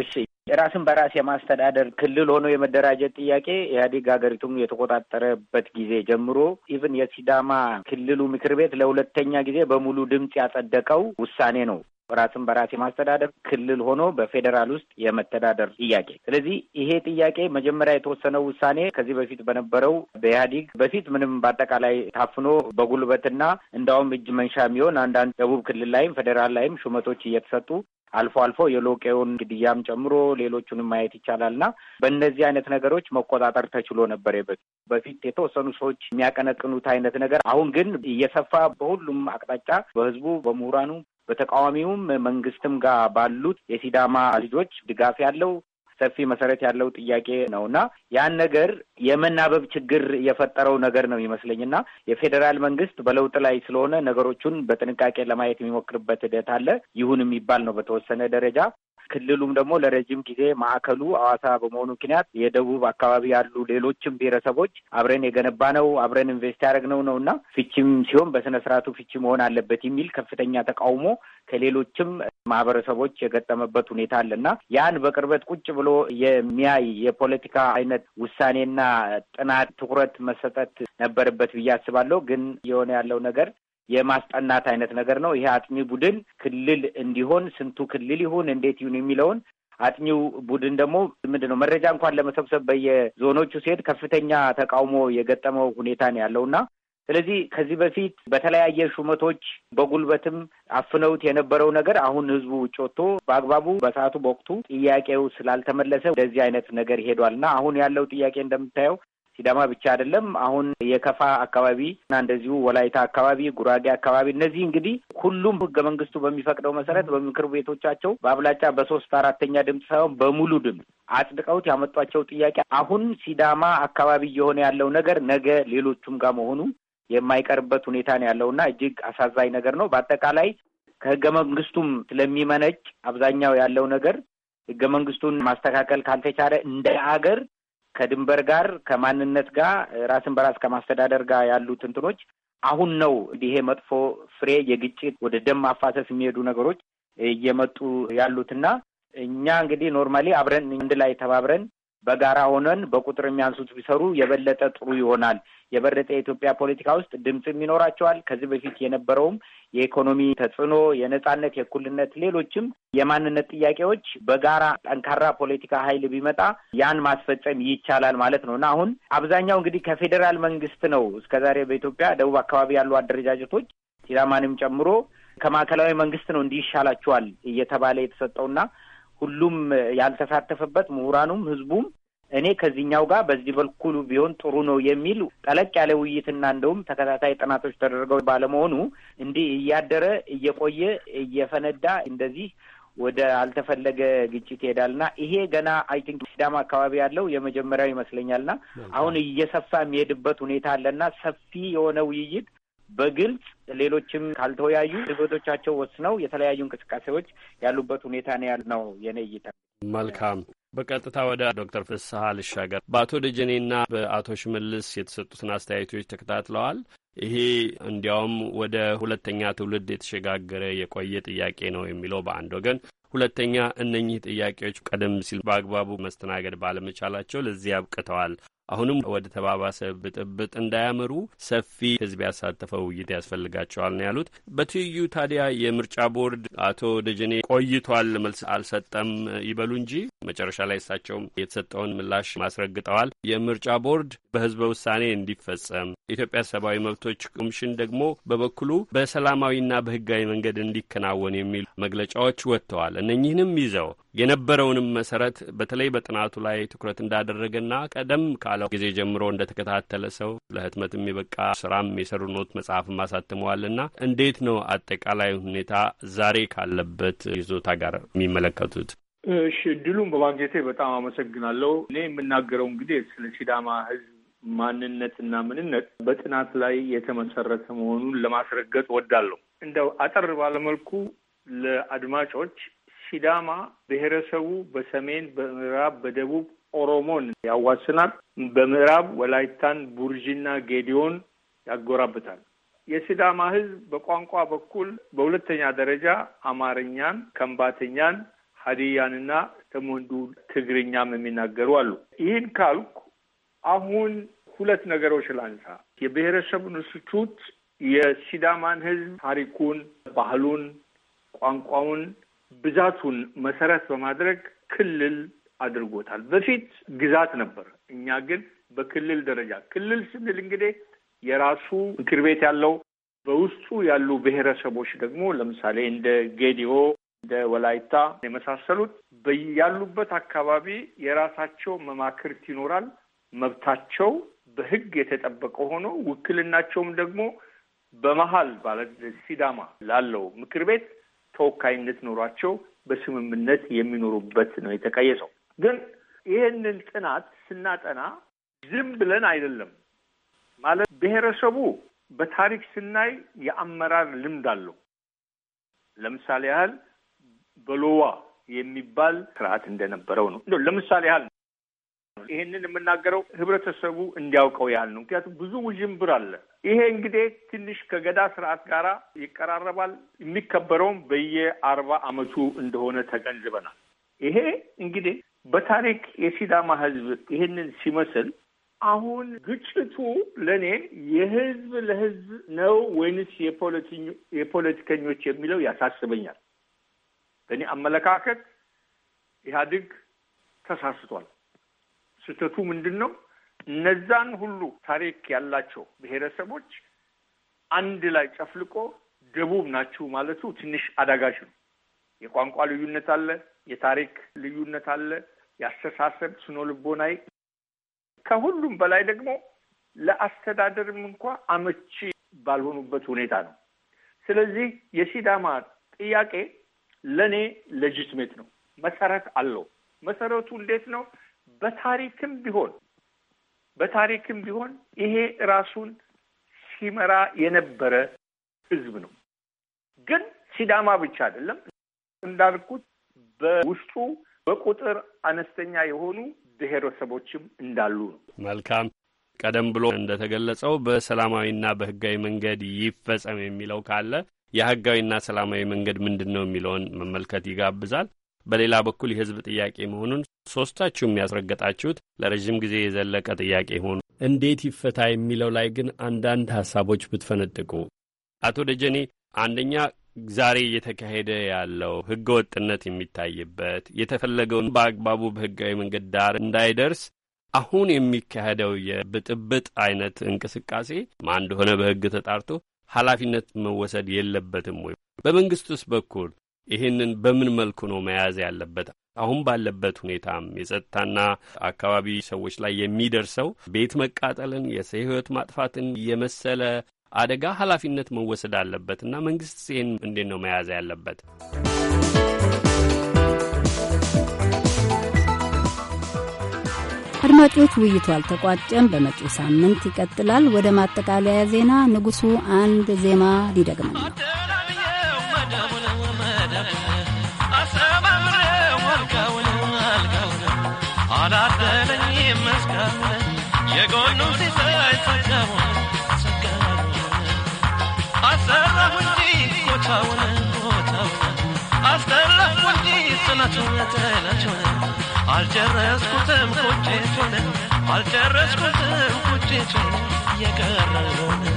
እሺ ራስን በራስ የማስተዳደር ክልል ሆኖ የመደራጀት ጥያቄ ኢህአዴግ ሀገሪቱም የተቆጣጠረበት ጊዜ ጀምሮ ኢቭን የሲዳማ ክልሉ ምክር ቤት ለሁለተኛ ጊዜ በሙሉ ድምፅ ያጸደቀው ውሳኔ ነው። ራስን በራስ የማስተዳደር ክልል ሆኖ በፌዴራል ውስጥ የመተዳደር ጥያቄ። ስለዚህ ይሄ ጥያቄ መጀመሪያ የተወሰነው ውሳኔ ከዚህ በፊት በነበረው በኢህአዲግ በፊት ምንም በአጠቃላይ ታፍኖ በጉልበትና እንዳውም እጅ መንሻ የሚሆን አንዳንድ ደቡብ ክልል ላይም ፌዴራል ላይም ሹመቶች እየተሰጡ አልፎ አልፎ የሎቄውን ግድያም ጨምሮ ሌሎቹንም ማየት ይቻላል እና በእነዚህ አይነት ነገሮች መቆጣጠር ተችሎ ነበር። በፊት የተወሰኑ ሰዎች የሚያቀነቅኑት አይነት ነገር አሁን ግን እየሰፋ በሁሉም አቅጣጫ በህዝቡ፣ በምሁራኑ፣ በተቃዋሚውም መንግስትም ጋር ባሉት የሲዳማ ልጆች ድጋፍ ያለው ሰፊ መሰረት ያለው ጥያቄ ነው እና ያን ነገር የመናበብ ችግር የፈጠረው ነገር ነው ይመስለኝ እና የፌዴራል መንግስት በለውጥ ላይ ስለሆነ ነገሮቹን በጥንቃቄ ለማየት የሚሞክርበት ሂደት አለ። ይሁን የሚባል ነው በተወሰነ ደረጃ ክልሉም ደግሞ ለረጅም ጊዜ ማዕከሉ አዋሳ በመሆኑ ምክንያት የደቡብ አካባቢ ያሉ ሌሎችም ብሔረሰቦች አብረን የገነባ ነው አብረን ኢንቨስት ያደረግነው ነው እና ፍቺም ሲሆን በስነ ስርዓቱ ፍቺ መሆን አለበት የሚል ከፍተኛ ተቃውሞ ከሌሎችም ማህበረሰቦች የገጠመበት ሁኔታ አለ እና ያን በቅርበት ቁጭ ብሎ የሚያይ የፖለቲካ አይነት ውሳኔና ጥናት ትኩረት መሰጠት ነበረበት ብዬ አስባለሁ። ግን የሆነ ያለው ነገር የማስጠናት አይነት ነገር ነው። ይሄ አጥኚ ቡድን ክልል እንዲሆን ስንቱ ክልል ይሁን እንዴት ይሁን የሚለውን አጥኚው ቡድን ደግሞ ምንድን ነው መረጃ እንኳን ለመሰብሰብ በየዞኖቹ ሲሄድ ከፍተኛ ተቃውሞ የገጠመው ሁኔታ ነው ያለውና ስለዚህ ከዚህ በፊት በተለያየ ሹመቶች በጉልበትም አፍነውት የነበረው ነገር አሁን ህዝቡ ውጭ ወጥቶ በአግባቡ በሰዓቱ በወቅቱ ጥያቄው ስላልተመለሰ ወደዚህ አይነት ነገር ይሄዷል እና አሁን ያለው ጥያቄ እንደምታየው ሲዳማ ብቻ አይደለም። አሁን የከፋ አካባቢ እና እንደዚሁ ወላይታ አካባቢ፣ ጉራጌ አካባቢ እነዚህ እንግዲህ ሁሉም ህገ መንግስቱ በሚፈቅደው መሰረት በምክር ቤቶቻቸው በአብላጫ በሶስት አራተኛ ድምፅ ሳይሆን በሙሉ ድምፅ አጽድቀውት ያመጧቸው ጥያቄ አሁን ሲዳማ አካባቢ እየሆነ ያለው ነገር ነገ ሌሎቹም ጋር መሆኑ የማይቀርበት ሁኔታ ነው ያለውና እጅግ አሳዛኝ ነገር ነው። በአጠቃላይ ከህገ መንግስቱም ስለሚመነጭ አብዛኛው ያለው ነገር ህገ መንግስቱን ማስተካከል ካልተቻለ እንደ አገር ከድንበር ጋር ከማንነት ጋር ራስን በራስ ከማስተዳደር ጋር ያሉት እንትኖች አሁን ነው ይሄ መጥፎ ፍሬ የግጭት ወደ ደም ማፋሰስ የሚሄዱ ነገሮች እየመጡ ያሉትና እኛ እንግዲህ ኖርማሊ አብረን አንድ ላይ ተባብረን በጋራ ሆነን በቁጥር የሚያንሱት ቢሰሩ የበለጠ ጥሩ ይሆናል። የበለጠ የኢትዮጵያ ፖለቲካ ውስጥ ድምፅም ይኖራቸዋል። ከዚህ በፊት የነበረውም የኢኮኖሚ ተጽዕኖ፣ የነጻነት፣ የእኩልነት፣ ሌሎችም የማንነት ጥያቄዎች በጋራ ጠንካራ ፖለቲካ ኃይል ቢመጣ ያን ማስፈጸም ይቻላል ማለት ነው እና አሁን አብዛኛው እንግዲህ ከፌዴራል መንግስት ነው እስከዛሬ በኢትዮጵያ ደቡብ አካባቢ ያሉ አደረጃጀቶች ሲዳማንም ጨምሮ ከማዕከላዊ መንግስት ነው እንዲህ ይሻላችኋል እየተባለ የተሰጠውና ሁሉም ያልተሳተፈበት ምሁራኑም ህዝቡም እኔ ከዚህኛው ጋር በዚህ በልኩሉ ቢሆን ጥሩ ነው የሚል ጠለቅ ያለ ውይይትና እንደውም ተከታታይ ጥናቶች ተደርገው ባለመሆኑ እንዲህ እያደረ እየቆየ እየፈነዳ እንደዚህ ወደ አልተፈለገ ግጭት ይሄዳልና ይሄ ገና አይ ቲንክ ሲዳማ አካባቢ ያለው የመጀመሪያው ይመስለኛልና አሁን እየሰፋ የሚሄድበት ሁኔታ አለና ሰፊ የሆነ ውይይት በግልጽ ሌሎችም ካልተወያዩ ድርጊቶቻቸው ወስነው የተለያዩ እንቅስቃሴዎች ያሉበት ሁኔታ ነው ያልነው የኔ እይታ። መልካም በቀጥታ ወደ ዶክተር ፍስሀ ልሻገር። በአቶ ደጀኔና በአቶ ሽመልስ የተሰጡትን አስተያየቶች ተከታትለዋል። ይሄ እንዲያውም ወደ ሁለተኛ ትውልድ የተሸጋገረ የቆየ ጥያቄ ነው የሚለው በአንድ ወገን፣ ሁለተኛ እነኚህ ጥያቄዎች ቀደም ሲል በአግባቡ መስተናገድ ባለመቻላቸው ለዚህ አብቅተዋል አሁንም ወደ ተባባሰ ብጥብጥ እንዳያመሩ ሰፊ ህዝብ ያሳተፈው ውይይት ያስፈልጋቸዋል ነው ያሉት። በትይዩ ታዲያ የምርጫ ቦርድ አቶ ደጀኔ ቆይቷል መልስ አልሰጠም ይበሉ እንጂ መጨረሻ ላይ እሳቸውም የተሰጠውን ምላሽ ማስረግጠዋል። የምርጫ ቦርድ በህዝበ ውሳኔ እንዲፈጸም የኢትዮጵያ ሰብአዊ መብቶች ኮሚሽን ደግሞ በበኩሉ በሰላማዊና በህጋዊ መንገድ እንዲከናወን የሚሉ መግለጫዎች ወጥተዋል። እነኚህንም ይዘው የነበረውንም መሰረት በተለይ በጥናቱ ላይ ትኩረት እንዳደረገና ቀደም ካለው ጊዜ ጀምሮ እንደተከታተለ ሰው ለህትመት የበቃ ስራም የሰሩ ኖት መጽሐፍም አሳትመዋልና እንዴት ነው አጠቃላይ ሁኔታ ዛሬ ካለበት ይዞታ ጋር የሚመለከቱት? እሺ፣ እድሉን በማግኘቴ በጣም አመሰግናለሁ። እኔ የምናገረው እንግዲህ ስለ ሲዳማ ህዝብ እና ምንነት በጥናት ላይ የተመሰረተ መሆኑን ለማስረገጥ ወዳለሁ። እንደው አጠር ባለመልኩ ለአድማጮች ሲዳማ ብሔረሰቡ በሰሜን፣ በምዕራብ፣ በደቡብ ኦሮሞን ያዋስናል። በምዕራብ ወላይታን፣ ቡርዥና ጌዲዮን ያጎራብታል። የሲዳማ ህዝብ በቋንቋ በኩል በሁለተኛ ደረጃ አማርኛን፣ ከምባተኛን፣ ሀዲያንና ደግሞ ትግርኛም የሚናገሩ አሉ። ይህን ካልኩ አሁን ሁለት ነገሮች ላንሳ። የብሔረሰቡ ኢንስቲትዩት የሲዳማን ህዝብ ታሪኩን፣ ባህሉን፣ ቋንቋውን ብዛቱን መሰረት በማድረግ ክልል አድርጎታል። በፊት ግዛት ነበር። እኛ ግን በክልል ደረጃ ክልል ስንል እንግዲህ የራሱ ምክር ቤት ያለው በውስጡ ያሉ ብሔረሰቦች ደግሞ ለምሳሌ እንደ ጌዲዮ እንደ ወላይታ የመሳሰሉት ያሉበት አካባቢ የራሳቸው መማክርት ይኖራል። መብታቸው በሕግ የተጠበቀ ሆኖ ውክልናቸውም ደግሞ በመሀል ማለት ሲዳማ ላለው ምክር ቤት ተወካይነት ኖሯቸው በስምምነት የሚኖሩበት ነው የተቀየሰው። ግን ይህንን ጥናት ስናጠና ዝም ብለን አይደለም ማለት ብሔረሰቡ በታሪክ ስናይ የአመራር ልምድ አለው። ለምሳሌ ያህል በሎዋ የሚባል ስርዓት እንደነበረው ነው። ለምሳሌ ያህል ይሄንን የምናገረው ህብረተሰቡ እንዲያውቀው ያህል ነው። ምክንያቱም ብዙ ውዥንብር አለ። ይሄ እንግዲህ ትንሽ ከገዳ ስርዓት ጋር ይቀራረባል። የሚከበረውም በየአርባ አመቱ እንደሆነ ተገንዝበናል። ይሄ እንግዲህ በታሪክ የሲዳማ ህዝብ ይሄንን ሲመስል አሁን ግጭቱ ለእኔ የህዝብ ለህዝብ ነው ወይንስ የፖለቲከኞች የሚለው ያሳስበኛል። በእኔ አመለካከት ኢህአዴግ ተሳስቷል። ስህተቱ ምንድን ነው? እነዛን ሁሉ ታሪክ ያላቸው ብሔረሰቦች አንድ ላይ ጨፍልቆ ደቡብ ናችሁ ማለቱ ትንሽ አዳጋች ነው። የቋንቋ ልዩነት አለ፣ የታሪክ ልዩነት አለ፣ የአስተሳሰብ ስኖ ልቦናይ ከሁሉም በላይ ደግሞ ለአስተዳደርም እንኳ አመቺ ባልሆኑበት ሁኔታ ነው። ስለዚህ የሲዳማ ጥያቄ ለእኔ ለጅትሜት ነው፣ መሰረት አለው። መሰረቱ እንዴት ነው? በታሪክም ቢሆን በታሪክም ቢሆን ይሄ ራሱን ሲመራ የነበረ ህዝብ ነው። ግን ሲዳማ ብቻ አይደለም እንዳልኩት በውስጡ በቁጥር አነስተኛ የሆኑ ብሔረሰቦችም እንዳሉ ነው። መልካም። ቀደም ብሎ እንደተገለጸው በሰላማዊና በህጋዊ መንገድ ይፈጸም የሚለው ካለ የህጋዊና ሰላማዊ መንገድ ምንድን ነው የሚለውን መመልከት ይጋብዛል። በሌላ በኩል የህዝብ ጥያቄ መሆኑን ሶስታችሁም ያስረገጣችሁት ለረዥም ጊዜ የዘለቀ ጥያቄ ሆኑ እንዴት ይፈታ የሚለው ላይ ግን አንዳንድ ሀሳቦች ብትፈነጥቁ። አቶ ደጀኔ አንደኛ ዛሬ እየተካሄደ ያለው ሕገ ወጥነት የሚታይበት የተፈለገውን በአግባቡ በህጋዊ መንገድ ዳር እንዳይደርስ አሁን የሚካሄደው የብጥብጥ አይነት እንቅስቃሴ ማን እንደሆነ በህግ ተጣርቶ ኃላፊነት መወሰድ የለበትም ወይ? በመንግስት ውስጥ በኩል ይህንን በምን መልኩ ነው መያዝ ያለበት? አሁን ባለበት ሁኔታም የጸጥታና አካባቢ ሰዎች ላይ የሚደርሰው ቤት መቃጠልን፣ የሰው ሕይወት ማጥፋትን የመሰለ አደጋ ኃላፊነት መወሰድ አለበት እና መንግስት ይህን እንዴት ነው መያዝ ያለበት? አድማጮች፣ ውይይቱ አልተቋጨም። በመጪው ሳምንት ይቀጥላል። ወደ ማጠቃለያ ዜና ንጉሱ አንድ ዜማ ሊደግመን ነው። ቆኑሲሰ ሰጋወ ሰጋወ አሰራሁ እንጂ ቦታውን ቦታውን አስተላሁ እንጂ ስናችሁነ ተላችሁነ አልጨረስኩትም ቁጭቱን አልጨረስኩትም ቁጭቱን የቀረ ሆነ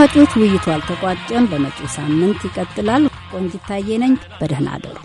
አድማጮች፣ ውይይቱ አልተቋጨም። በመጪው ሳምንት ይቀጥላል። ቆንጅታዬ ነኝ። በደህና አደሩ።